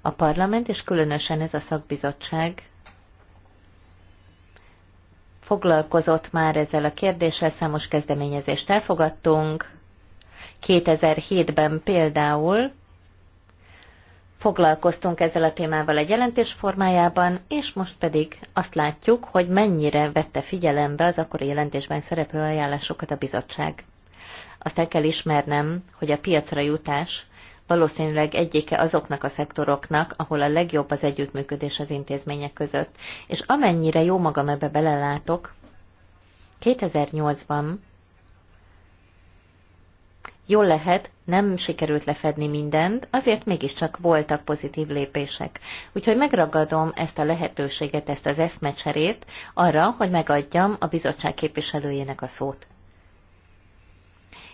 A parlament és különösen ez a szakbizottság foglalkozott már ezzel a kérdéssel, számos kezdeményezést elfogadtunk. 2007-ben például foglalkoztunk ezzel a témával egy jelentés formájában, és most pedig azt látjuk, hogy mennyire vette figyelembe az akkori jelentésben szereplő ajánlásokat a bizottság. Azt el kell ismernem, hogy a piacra jutás valószínűleg egyike azoknak a szektoroknak, ahol a legjobb az együttműködés az intézmények között. És amennyire jó magam ebbe belelátok, 2008-ban Jól lehet, nem sikerült lefedni mindent, azért mégiscsak voltak pozitív lépések. Úgyhogy megragadom ezt a lehetőséget, ezt az eszmecserét arra, hogy megadjam a bizottság képviselőjének a szót.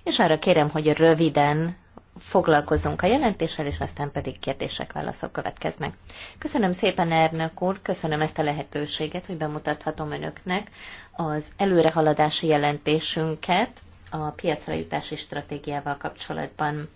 És arra kérem, hogy röviden foglalkozunk a jelentéssel, és aztán pedig kérdések, válaszok következnek. Köszönöm szépen, Ernök úr, köszönöm ezt a lehetőséget, hogy bemutathatom önöknek az előrehaladási jelentésünket, a piacra jutási stratégiával kapcsolatban.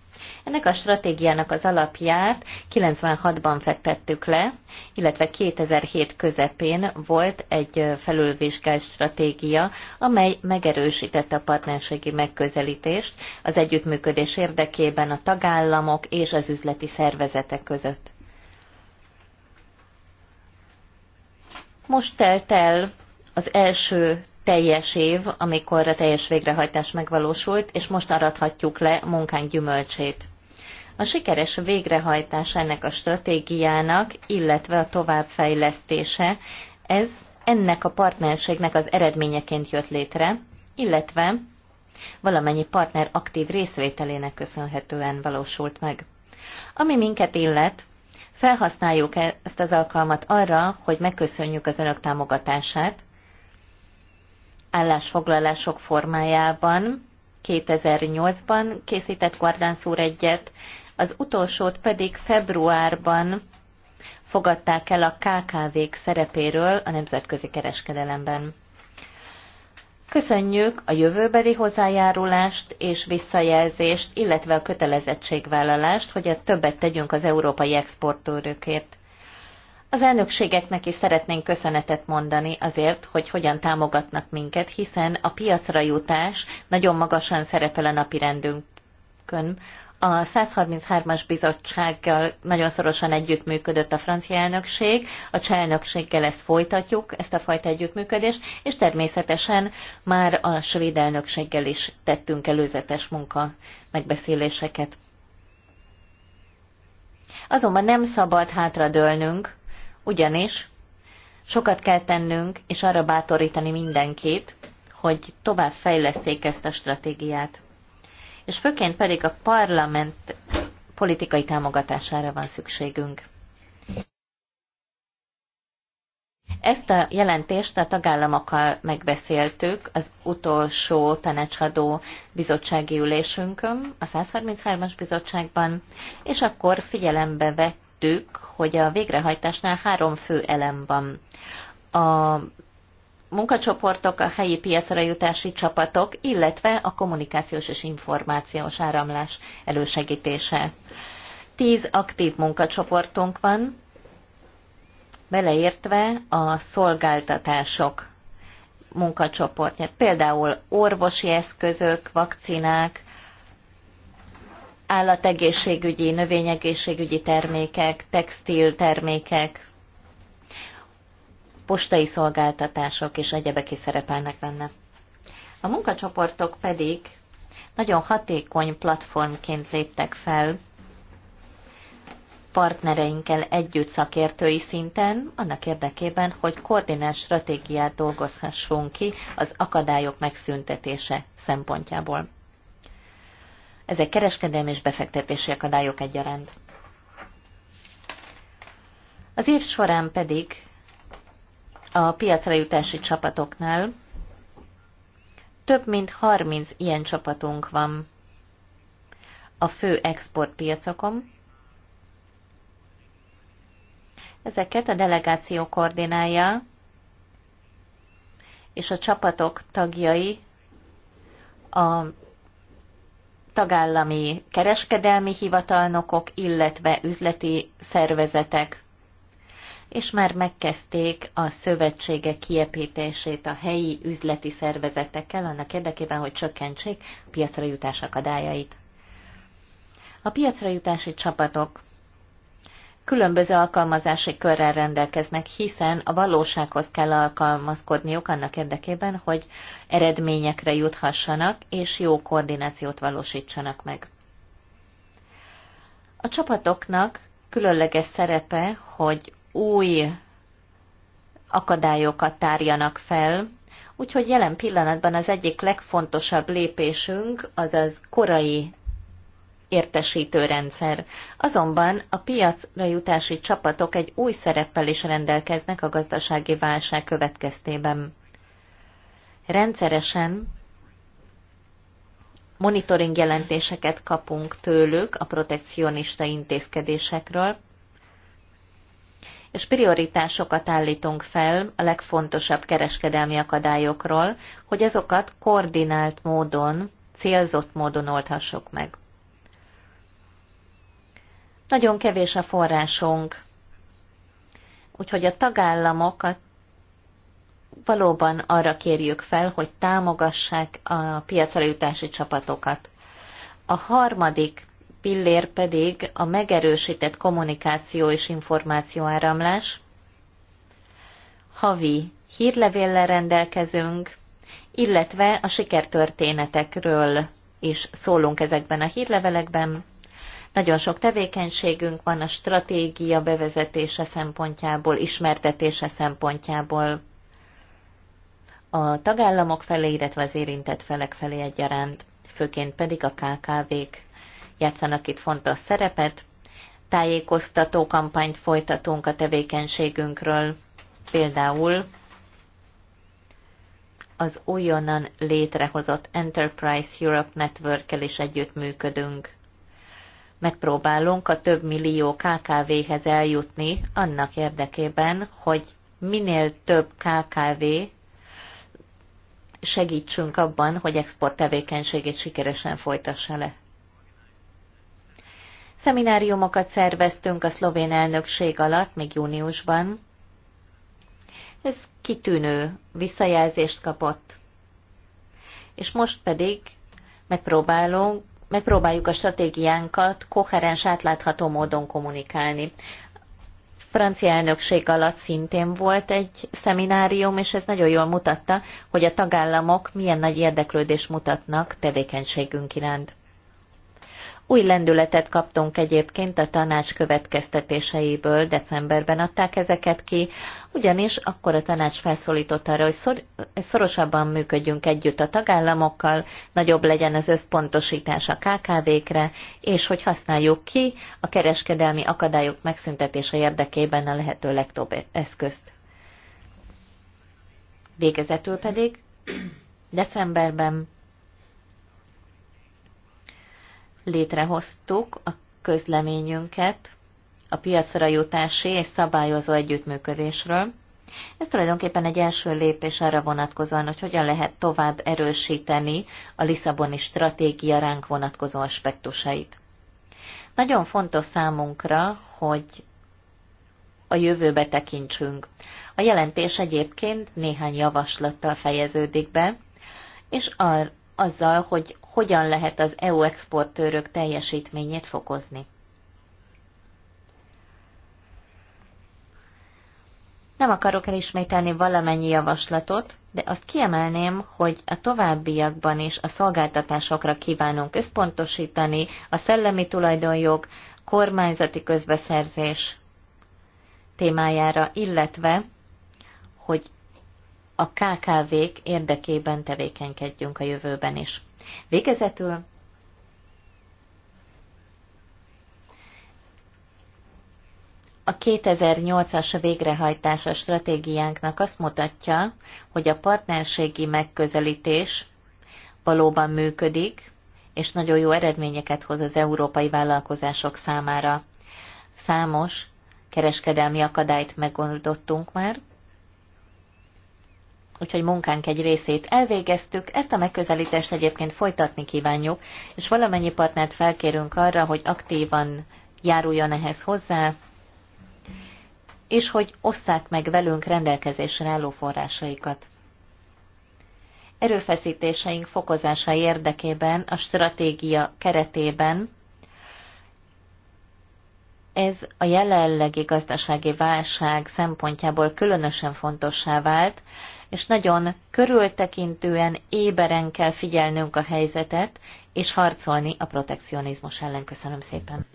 Ennek a stratégiának az alapját 96-ban fektettük le, illetve 2007 közepén volt egy felülvizsgált stratégia, amely megerősítette a partnerségi megközelítést az együttműködés érdekében a tagállamok és az üzleti szervezetek között. Most telt el az első teljes év, amikor a teljes végrehajtás megvalósult, és most arathatjuk le munkánk gyümölcsét. A sikeres végrehajtás ennek a stratégiának, illetve a továbbfejlesztése, ez ennek a partnerségnek az eredményeként jött létre, illetve valamennyi partner aktív részvételének köszönhetően valósult meg. Ami minket illet, felhasználjuk e-, ezt az alkalmat arra, hogy megköszönjük az önök támogatását, állásfoglalások formájában 2008-ban készített Guardánsz úr egyet, az utolsót pedig februárban fogadták el a KKV-k szerepéről a nemzetközi kereskedelemben. Köszönjük a jövőbeli hozzájárulást és visszajelzést, illetve a kötelezettségvállalást, hogy a többet tegyünk az európai exportőrökért. Az elnökségeknek is szeretnénk köszönetet mondani azért, hogy hogyan támogatnak minket, hiszen a piacra jutás nagyon magasan szerepel a napi rendünkön. A 133-as bizottsággal nagyon szorosan együttműködött a francia elnökség, a cseh elnökséggel ezt folytatjuk, ezt a fajta együttműködést, és természetesen már a svéd elnökséggel is tettünk előzetes munka megbeszéléseket. Azonban nem szabad hátradőlnünk, ugyanis sokat kell tennünk, és arra bátorítani mindenkit, hogy tovább fejleszték ezt a stratégiát. És főként pedig a parlament politikai támogatására van szükségünk. Ezt a jelentést a tagállamokkal megbeszéltük az utolsó tanácsadó bizottsági ülésünkön, a 133-as bizottságban, és akkor figyelembe vett említettük, hogy a végrehajtásnál három fő elem van. A munkacsoportok, a helyi piacra jutási csapatok, illetve a kommunikációs és információs áramlás elősegítése. Tíz aktív munkacsoportunk van, beleértve a szolgáltatások munkacsoportját. Például orvosi eszközök, vakcinák, állategészségügyi, növényegészségügyi termékek, textil termékek, postai szolgáltatások és egyebek is szerepelnek benne. A munkacsoportok pedig nagyon hatékony platformként léptek fel partnereinkkel együtt szakértői szinten, annak érdekében, hogy koordinált stratégiát dolgozhassunk ki az akadályok megszüntetése szempontjából. Ezek kereskedelmi és befektetési akadályok egyaránt. Az év során pedig a piacra jutási csapatoknál több mint 30 ilyen csapatunk van a fő exportpiacokon. Ezeket a delegáció koordinálja, és a csapatok tagjai a tagállami kereskedelmi hivatalnokok, illetve üzleti szervezetek, és már megkezdték a szövetségek kiepítését a helyi üzleti szervezetekkel annak érdekében, hogy csökkentsék piacra jutás akadályait. A piacra jutási csapatok különböző alkalmazási körrel rendelkeznek, hiszen a valósághoz kell alkalmazkodniuk annak érdekében, hogy eredményekre juthassanak és jó koordinációt valósítsanak meg. A csapatoknak különleges szerepe, hogy új akadályokat tárjanak fel, úgyhogy jelen pillanatban az egyik legfontosabb lépésünk, azaz korai értesítő rendszer. Azonban a piacra jutási csapatok egy új szereppel is rendelkeznek a gazdasági válság következtében. Rendszeresen monitoring jelentéseket kapunk tőlük a protekcionista intézkedésekről, és prioritásokat állítunk fel a legfontosabb kereskedelmi akadályokról, hogy azokat koordinált módon, célzott módon oldhassuk meg. Nagyon kevés a forrásunk. Úgyhogy a tagállamokat valóban arra kérjük fel, hogy támogassák a piacra jutási csapatokat. A harmadik pillér pedig a megerősített kommunikáció és áramlás. Havi hírlevéllel rendelkezünk, illetve a sikertörténetekről is szólunk ezekben a hírlevelekben. Nagyon sok tevékenységünk van a stratégia bevezetése szempontjából, ismertetése szempontjából a tagállamok felé, illetve az érintett felek felé egyaránt, főként pedig a KKV-k játszanak itt fontos szerepet. Tájékoztató kampányt folytatunk a tevékenységünkről, például az újonnan létrehozott Enterprise Europe network el is együttműködünk megpróbálunk a több millió KKV-hez eljutni annak érdekében, hogy minél több KKV segítsünk abban, hogy export tevékenységét sikeresen folytassa le. Szemináriumokat szerveztünk a szlovén elnökség alatt, még júniusban. Ez kitűnő visszajelzést kapott. És most pedig megpróbálunk megpróbáljuk a stratégiánkat koherens, átlátható módon kommunikálni. Francia elnökség alatt szintén volt egy szeminárium, és ez nagyon jól mutatta, hogy a tagállamok milyen nagy érdeklődést mutatnak tevékenységünk iránt. Új lendületet kaptunk egyébként a tanács következtetéseiből, decemberben adták ezeket ki, ugyanis akkor a tanács felszólította arra, hogy szorosabban működjünk együtt a tagállamokkal, nagyobb legyen az összpontosítás a KKV-kre, és hogy használjuk ki a kereskedelmi akadályok megszüntetése érdekében a lehető legtöbb eszközt. Végezetül pedig decemberben létrehoztuk a közleményünket a piacra jutási és szabályozó együttműködésről. Ez tulajdonképpen egy első lépés arra vonatkozóan, hogy hogyan lehet tovább erősíteni a Lisszaboni stratégia ránk vonatkozó aspektusait. Nagyon fontos számunkra, hogy a jövőbe tekintsünk. A jelentés egyébként néhány javaslattal fejeződik be, és azzal, hogy hogyan lehet az EU exportőrök teljesítményét fokozni. Nem akarok elismételni valamennyi javaslatot, de azt kiemelném, hogy a továbbiakban is a szolgáltatásokra kívánunk összpontosítani, a szellemi tulajdonjog, kormányzati közbeszerzés témájára, illetve, hogy a KKV-k érdekében tevékenykedjünk a jövőben is. Végezetül a 2008-as végrehajtása stratégiánknak azt mutatja, hogy a partnerségi megközelítés valóban működik, és nagyon jó eredményeket hoz az európai vállalkozások számára. Számos kereskedelmi akadályt megoldottunk már, úgyhogy munkánk egy részét elvégeztük, ezt a megközelítést egyébként folytatni kívánjuk, és valamennyi partnert felkérünk arra, hogy aktívan járuljon ehhez hozzá, és hogy osszák meg velünk rendelkezésre álló forrásaikat. Erőfeszítéseink fokozása érdekében a stratégia keretében ez a jelenlegi gazdasági válság szempontjából különösen fontossá vált, és nagyon körültekintően éberen kell figyelnünk a helyzetet, és harcolni a protekcionizmus ellen. Köszönöm szépen.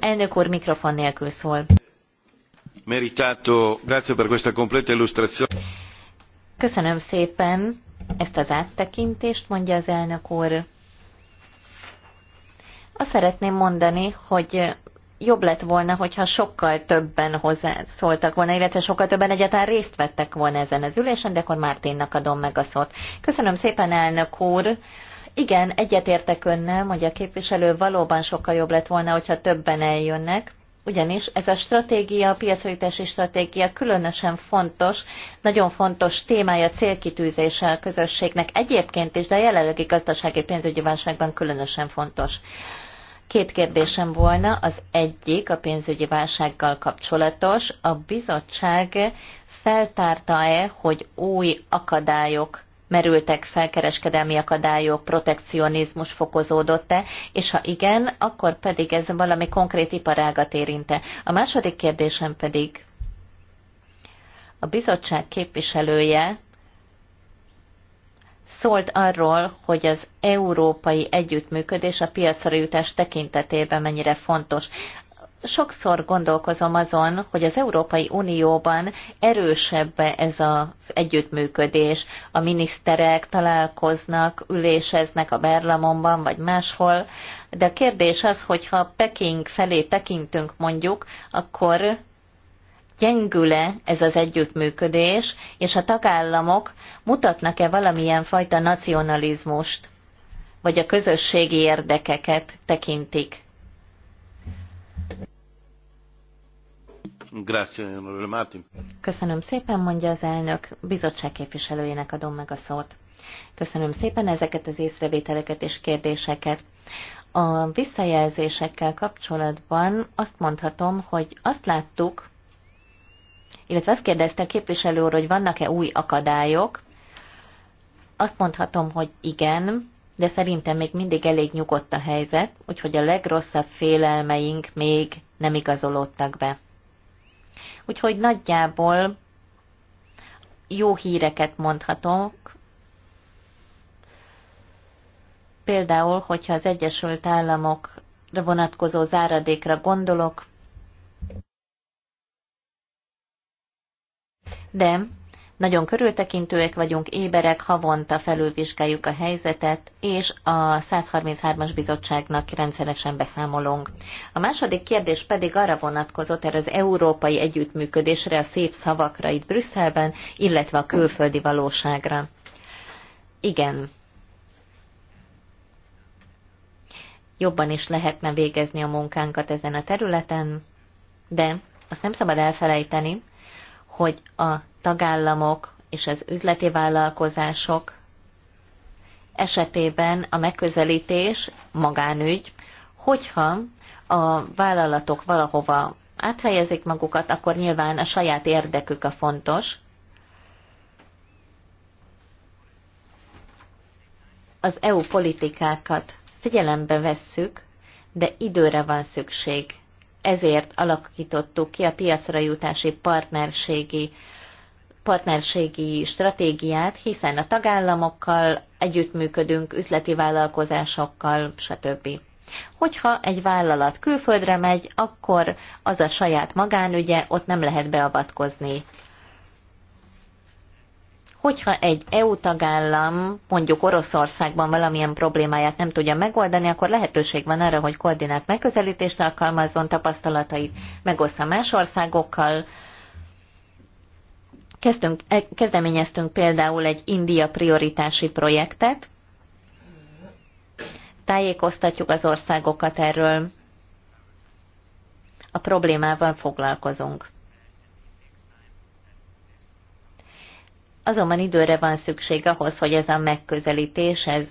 Elnök úr mikrofon nélkül szól. Meritato, grazie per questa completa illustrazione. Köszönöm szépen ezt az áttekintést, mondja az elnök úr. Azt szeretném mondani, hogy jobb lett volna, hogyha sokkal többen hozzászóltak volna, illetve sokkal többen egyáltalán részt vettek volna ezen az ülésen, de akkor Márténnak adom meg a szót. Köszönöm szépen, elnök úr! Igen, egyetértek önnel, hogy a képviselő valóban sokkal jobb lett volna, hogyha többen eljönnek, ugyanis ez a stratégia, a piacolítási stratégia különösen fontos, nagyon fontos témája célkitűzése a közösségnek egyébként is, de a jelenlegi gazdasági pénzügyi válságban különösen fontos. Két kérdésem volna, az egyik a pénzügyi válsággal kapcsolatos. A bizottság feltárta-e, hogy új akadályok merültek fel, kereskedelmi akadályok, protekcionizmus fokozódott-e, és ha igen, akkor pedig ez valami konkrét iparágat érinte. A második kérdésem pedig a bizottság képviselője szólt arról, hogy az európai együttműködés a piacra jutás tekintetében mennyire fontos. Sokszor gondolkozom azon, hogy az Európai Unióban erősebb ez az együttműködés. A miniszterek találkoznak, üléseznek a Berlamonban vagy máshol, de a kérdés az, hogy ha Peking felé tekintünk mondjuk, akkor gyengül-e ez az együttműködés, és a tagállamok mutatnak-e valamilyen fajta nacionalizmust, vagy a közösségi érdekeket tekintik. Köszönöm szépen, mondja az elnök. Bizottság képviselőjének adom meg a szót. Köszönöm szépen ezeket az észrevételeket és kérdéseket. A visszajelzésekkel kapcsolatban azt mondhatom, hogy azt láttuk, illetve azt kérdezte a képviselő úr, hogy vannak-e új akadályok. Azt mondhatom, hogy igen, de szerintem még mindig elég nyugodt a helyzet, úgyhogy a legrosszabb félelmeink még nem igazolódtak be. Úgyhogy nagyjából jó híreket mondhatok. Például, hogyha az Egyesült Államokra vonatkozó záradékra gondolok, de nagyon körültekintőek vagyunk, éberek, havonta felülvizsgáljuk a helyzetet, és a 133-as bizottságnak rendszeresen beszámolunk. A második kérdés pedig arra vonatkozott erre az európai együttműködésre, a szép szavakra itt Brüsszelben, illetve a külföldi valóságra. Igen. Jobban is lehetne végezni a munkánkat ezen a területen, de azt nem szabad elfelejteni, hogy a tagállamok és az üzleti vállalkozások esetében a megközelítés magánügy, hogyha a vállalatok valahova áthelyezik magukat, akkor nyilván a saját érdekük a fontos. Az EU politikákat figyelembe vesszük, de időre van szükség ezért alakítottuk ki a piacra jutási partnerségi partnerségi stratégiát, hiszen a tagállamokkal együttműködünk, üzleti vállalkozásokkal, stb. Hogyha egy vállalat külföldre megy, akkor az a saját magánügye, ott nem lehet beavatkozni hogyha egy EU tagállam mondjuk Oroszországban valamilyen problémáját nem tudja megoldani, akkor lehetőség van arra, hogy koordinált megközelítést alkalmazzon, tapasztalatait megossza más országokkal. Kezdtünk, e, kezdeményeztünk például egy India prioritási projektet, tájékoztatjuk az országokat erről, a problémával foglalkozunk. Azonban időre van szükség ahhoz, hogy ez a megközelítés, ez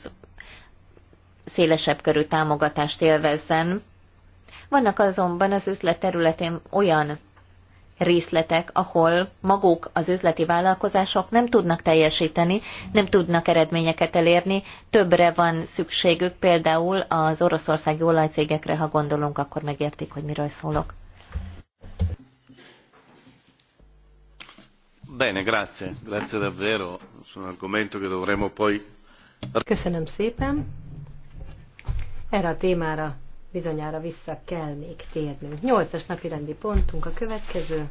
szélesebb körű támogatást élvezzen. Vannak azonban az üzlet területén olyan részletek, ahol maguk az üzleti vállalkozások nem tudnak teljesíteni, nem tudnak eredményeket elérni, többre van szükségük, például az oroszországi olajcégekre, ha gondolunk, akkor megértik, hogy miről szólok. Bene, grazie. Grazie davvero. Su un argomento che dovremo poi... Köszönöm szépen. Erre a témára bizonyára vissza kell még térnünk. Nyolcas napi rendi pontunk a következő.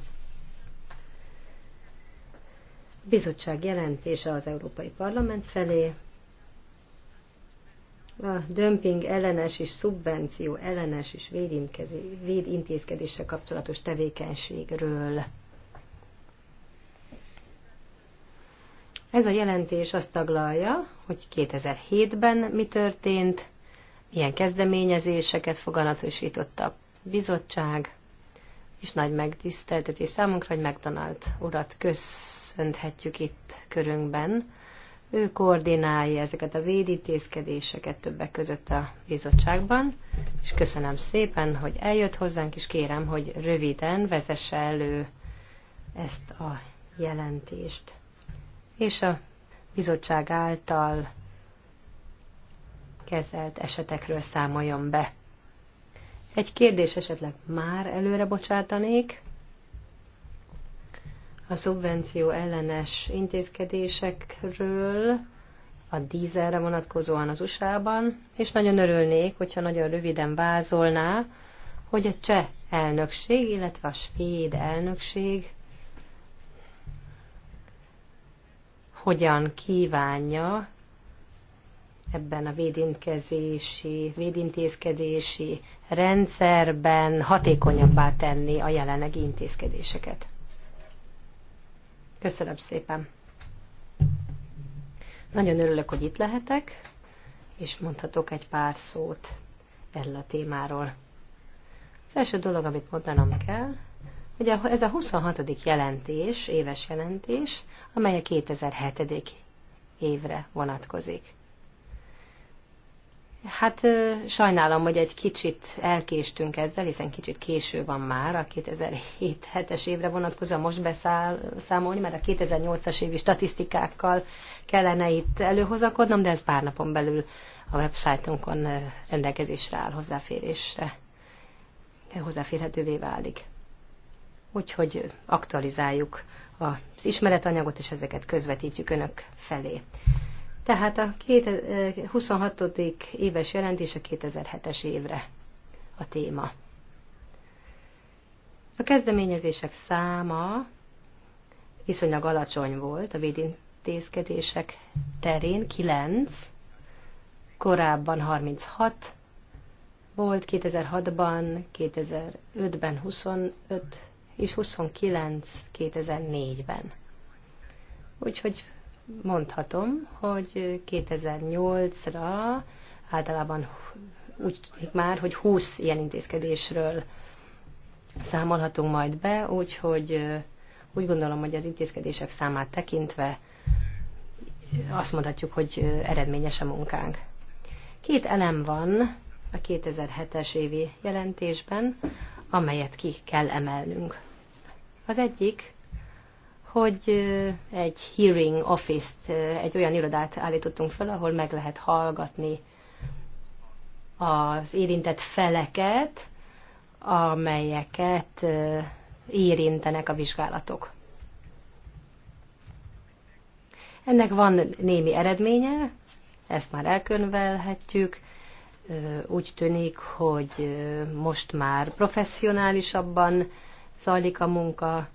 bizottság jelentése az Európai Parlament felé. A dömping ellenes és szubvenció ellenes és védintézkedéssel kapcsolatos tevékenységről. Ez a jelentés azt taglalja, hogy 2007-ben mi történt, milyen kezdeményezéseket foganatosított a bizottság, és nagy megtiszteltetés számunkra, hogy megtanált urat köszönhetjük itt körünkben. Ő koordinálja ezeket a védítézkedéseket többek között a bizottságban, és köszönöm szépen, hogy eljött hozzánk, és kérem, hogy röviden vezesse elő ezt a jelentést és a bizottság által kezelt esetekről számoljon be. Egy kérdés esetleg már előre bocsátanék. A szubvenció ellenes intézkedésekről a dízelre vonatkozóan az USA-ban, és nagyon örülnék, hogyha nagyon röviden vázolná, hogy a cseh elnökség, illetve a svéd elnökség hogyan kívánja ebben a védintkezési, védintézkedési rendszerben hatékonyabbá tenni a jelenlegi intézkedéseket. Köszönöm szépen! Nagyon örülök, hogy itt lehetek, és mondhatok egy pár szót erről a témáról. Az első dolog, amit mondanom kell, hogy ez a 26. jelentés, éves jelentés, amely a 2007. évre vonatkozik. Hát sajnálom, hogy egy kicsit elkéstünk ezzel, hiszen kicsit késő van már a 2007-es évre vonatkozó, most beszámolni, mert a 2008-as évi statisztikákkal kellene itt előhozakodnom, de ez pár napon belül a websájtunkon rendelkezésre áll hozzáférésre, hozzáférhetővé válik úgyhogy aktualizáljuk az ismeretanyagot, és ezeket közvetítjük önök felé. Tehát a 26. Eh, éves jelentés a 2007-es évre a téma. A kezdeményezések száma viszonylag alacsony volt a védintézkedések terén, 9, korábban 36 volt, 2006-ban, 2005-ben 25 és 29 2004-ben. Úgyhogy mondhatom, hogy 2008-ra általában úgy tűnik már, hogy 20 ilyen intézkedésről számolhatunk majd be, úgyhogy úgy gondolom, hogy az intézkedések számát tekintve azt mondhatjuk, hogy eredményes a munkánk. Két elem van a 2007-es évi jelentésben, amelyet ki kell emelnünk. Az egyik, hogy egy hearing office-t, egy olyan irodát állítottunk fel, ahol meg lehet hallgatni az érintett feleket, amelyeket érintenek a vizsgálatok. Ennek van némi eredménye, ezt már elkönyvelhetjük, úgy tűnik, hogy most már professzionálisabban zajlik a munka,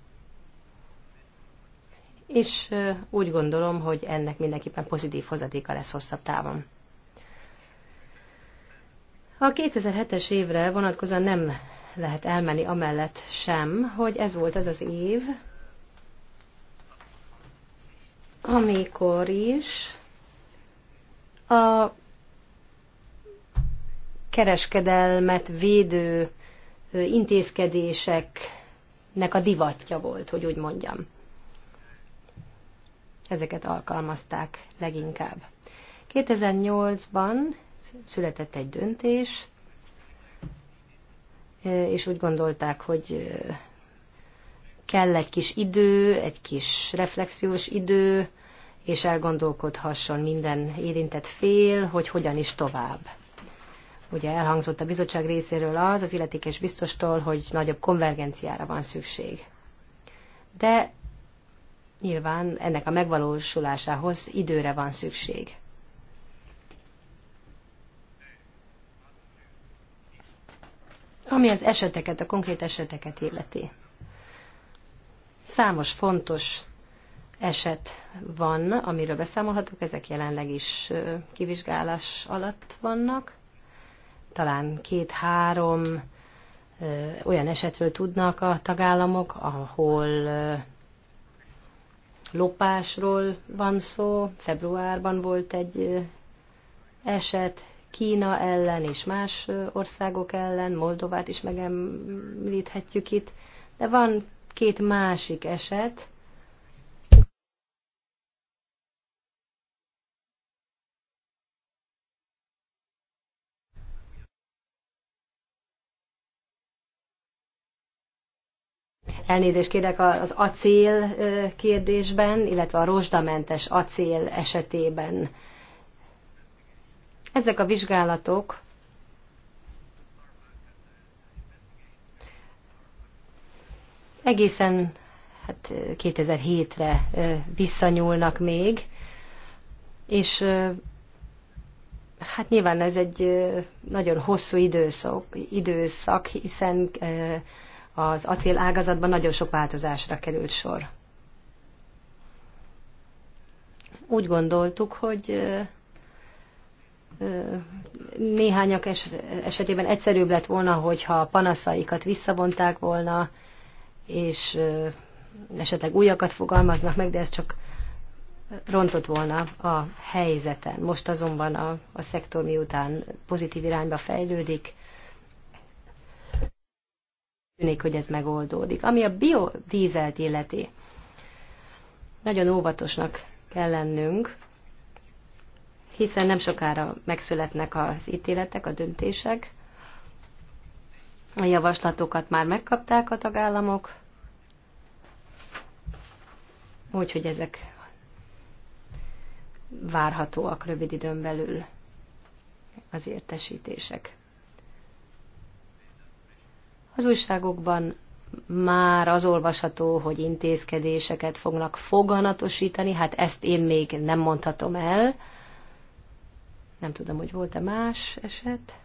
és úgy gondolom, hogy ennek mindenképpen pozitív hozadéka lesz hosszabb távon. A 2007-es évre vonatkozóan nem lehet elmenni amellett sem, hogy ez volt az az év, amikor is a kereskedelmet védő intézkedéseknek a divatja volt, hogy úgy mondjam. Ezeket alkalmazták leginkább. 2008-ban született egy döntés, és úgy gondolták, hogy kell egy kis idő, egy kis reflexiós idő, és elgondolkodhasson minden érintett fél, hogy hogyan is tovább. Ugye elhangzott a bizottság részéről az, az illetékes biztostól, hogy nagyobb konvergenciára van szükség. De nyilván ennek a megvalósulásához időre van szükség. Ami az eseteket, a konkrét eseteket illeti. Számos fontos eset van, amiről beszámolhatok, ezek jelenleg is kivizsgálás alatt vannak talán két-három olyan esetről tudnak a tagállamok, ahol lopásról van szó. Februárban volt egy eset Kína ellen és más országok ellen, Moldovát is megemlíthetjük itt, de van két másik eset, Elnézést kérek az acél kérdésben, illetve a rozsdamentes acél esetében. Ezek a vizsgálatok egészen hát 2007-re visszanyúlnak még, és hát nyilván ez egy nagyon hosszú időszak, időszak hiszen az acél ágazatban nagyon sok változásra került sor. Úgy gondoltuk, hogy néhányak esetében egyszerűbb lett volna, hogyha a panaszaikat visszavonták volna, és esetleg újakat fogalmaznak meg, de ez csak rontott volna a helyzeten. Most azonban a, a szektor miután pozitív irányba fejlődik, tűnik, hogy ez megoldódik. Ami a biodízelt illeti, nagyon óvatosnak kell lennünk, hiszen nem sokára megszületnek az ítéletek, a döntések. A javaslatokat már megkapták a tagállamok, úgyhogy ezek várhatóak rövid időn belül az értesítések. Az újságokban már az olvasható, hogy intézkedéseket fognak foganatosítani, hát ezt én még nem mondhatom el. Nem tudom, hogy volt-e más eset.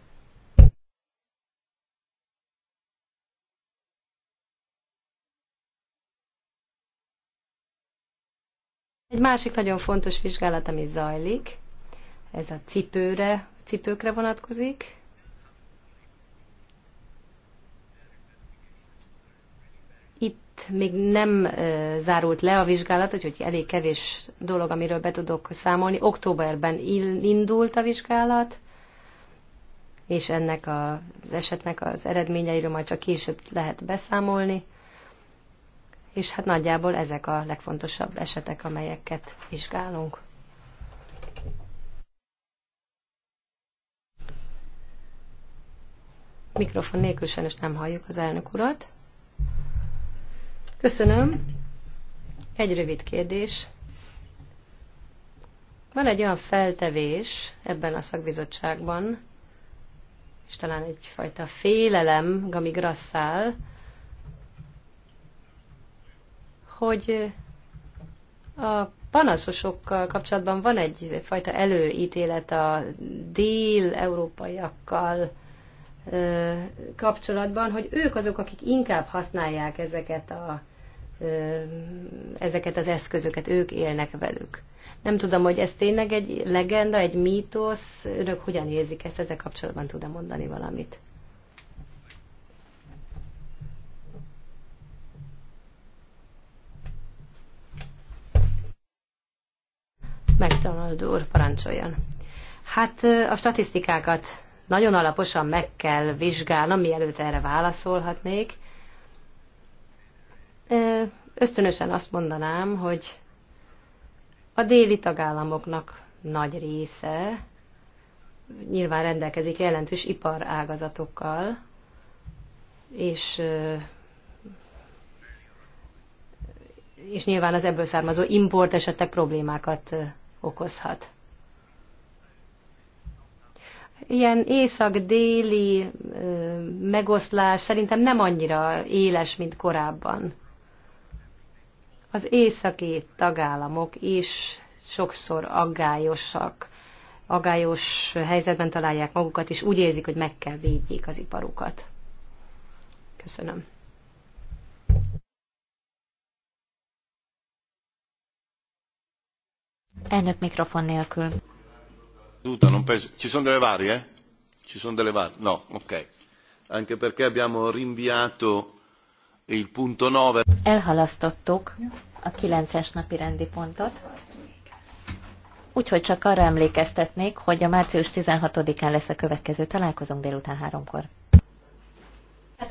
Egy másik nagyon fontos vizsgálat, ami zajlik, ez a cipőre, cipőkre vonatkozik. még nem zárult le a vizsgálat, úgyhogy elég kevés dolog, amiről be tudok számolni. Októberben indult a vizsgálat, és ennek az esetnek az eredményeiről majd csak később lehet beszámolni. És hát nagyjából ezek a legfontosabb esetek, amelyeket vizsgálunk. Mikrofon nélkül és nem halljuk az elnök urat. Köszönöm. Egy rövid kérdés. Van egy olyan feltevés ebben a szakbizottságban, és talán egyfajta félelem, ami grasszál, hogy a panaszosokkal kapcsolatban van egyfajta előítélet a dél-európaiakkal kapcsolatban, hogy ők azok, akik inkább használják ezeket a ezeket az eszközöket, ők élnek velük. Nem tudom, hogy ez tényleg egy legenda, egy mítosz, önök hogyan érzik ezt, ezzel kapcsolatban tud-e mondani valamit? McDonald úr, parancsoljon. Hát a statisztikákat nagyon alaposan meg kell vizsgálnom, mielőtt erre válaszolhatnék ösztönösen azt mondanám, hogy a déli tagállamoknak nagy része nyilván rendelkezik jelentős iparágazatokkal, és és nyilván az ebből származó import esetek problémákat okozhat. Ilyen észak-déli megoszlás szerintem nem annyira éles, mint korábban. Az északi tagállamok is sokszor aggályosak, aggályos helyzetben találják magukat, és úgy érzik, hogy meg kell védjék az iparukat. Köszönöm. Elnök mikrofon nélkül. Tuta, non penso. Ci sono delle varie? Ci sono delle varie? No, ok. Anche perché abbiamo rinviato E Elhalasztottuk a 9-es napi rendi pontot, úgyhogy csak arra emlékeztetnék, hogy a március 16-án lesz a következő találkozunk délután háromkor.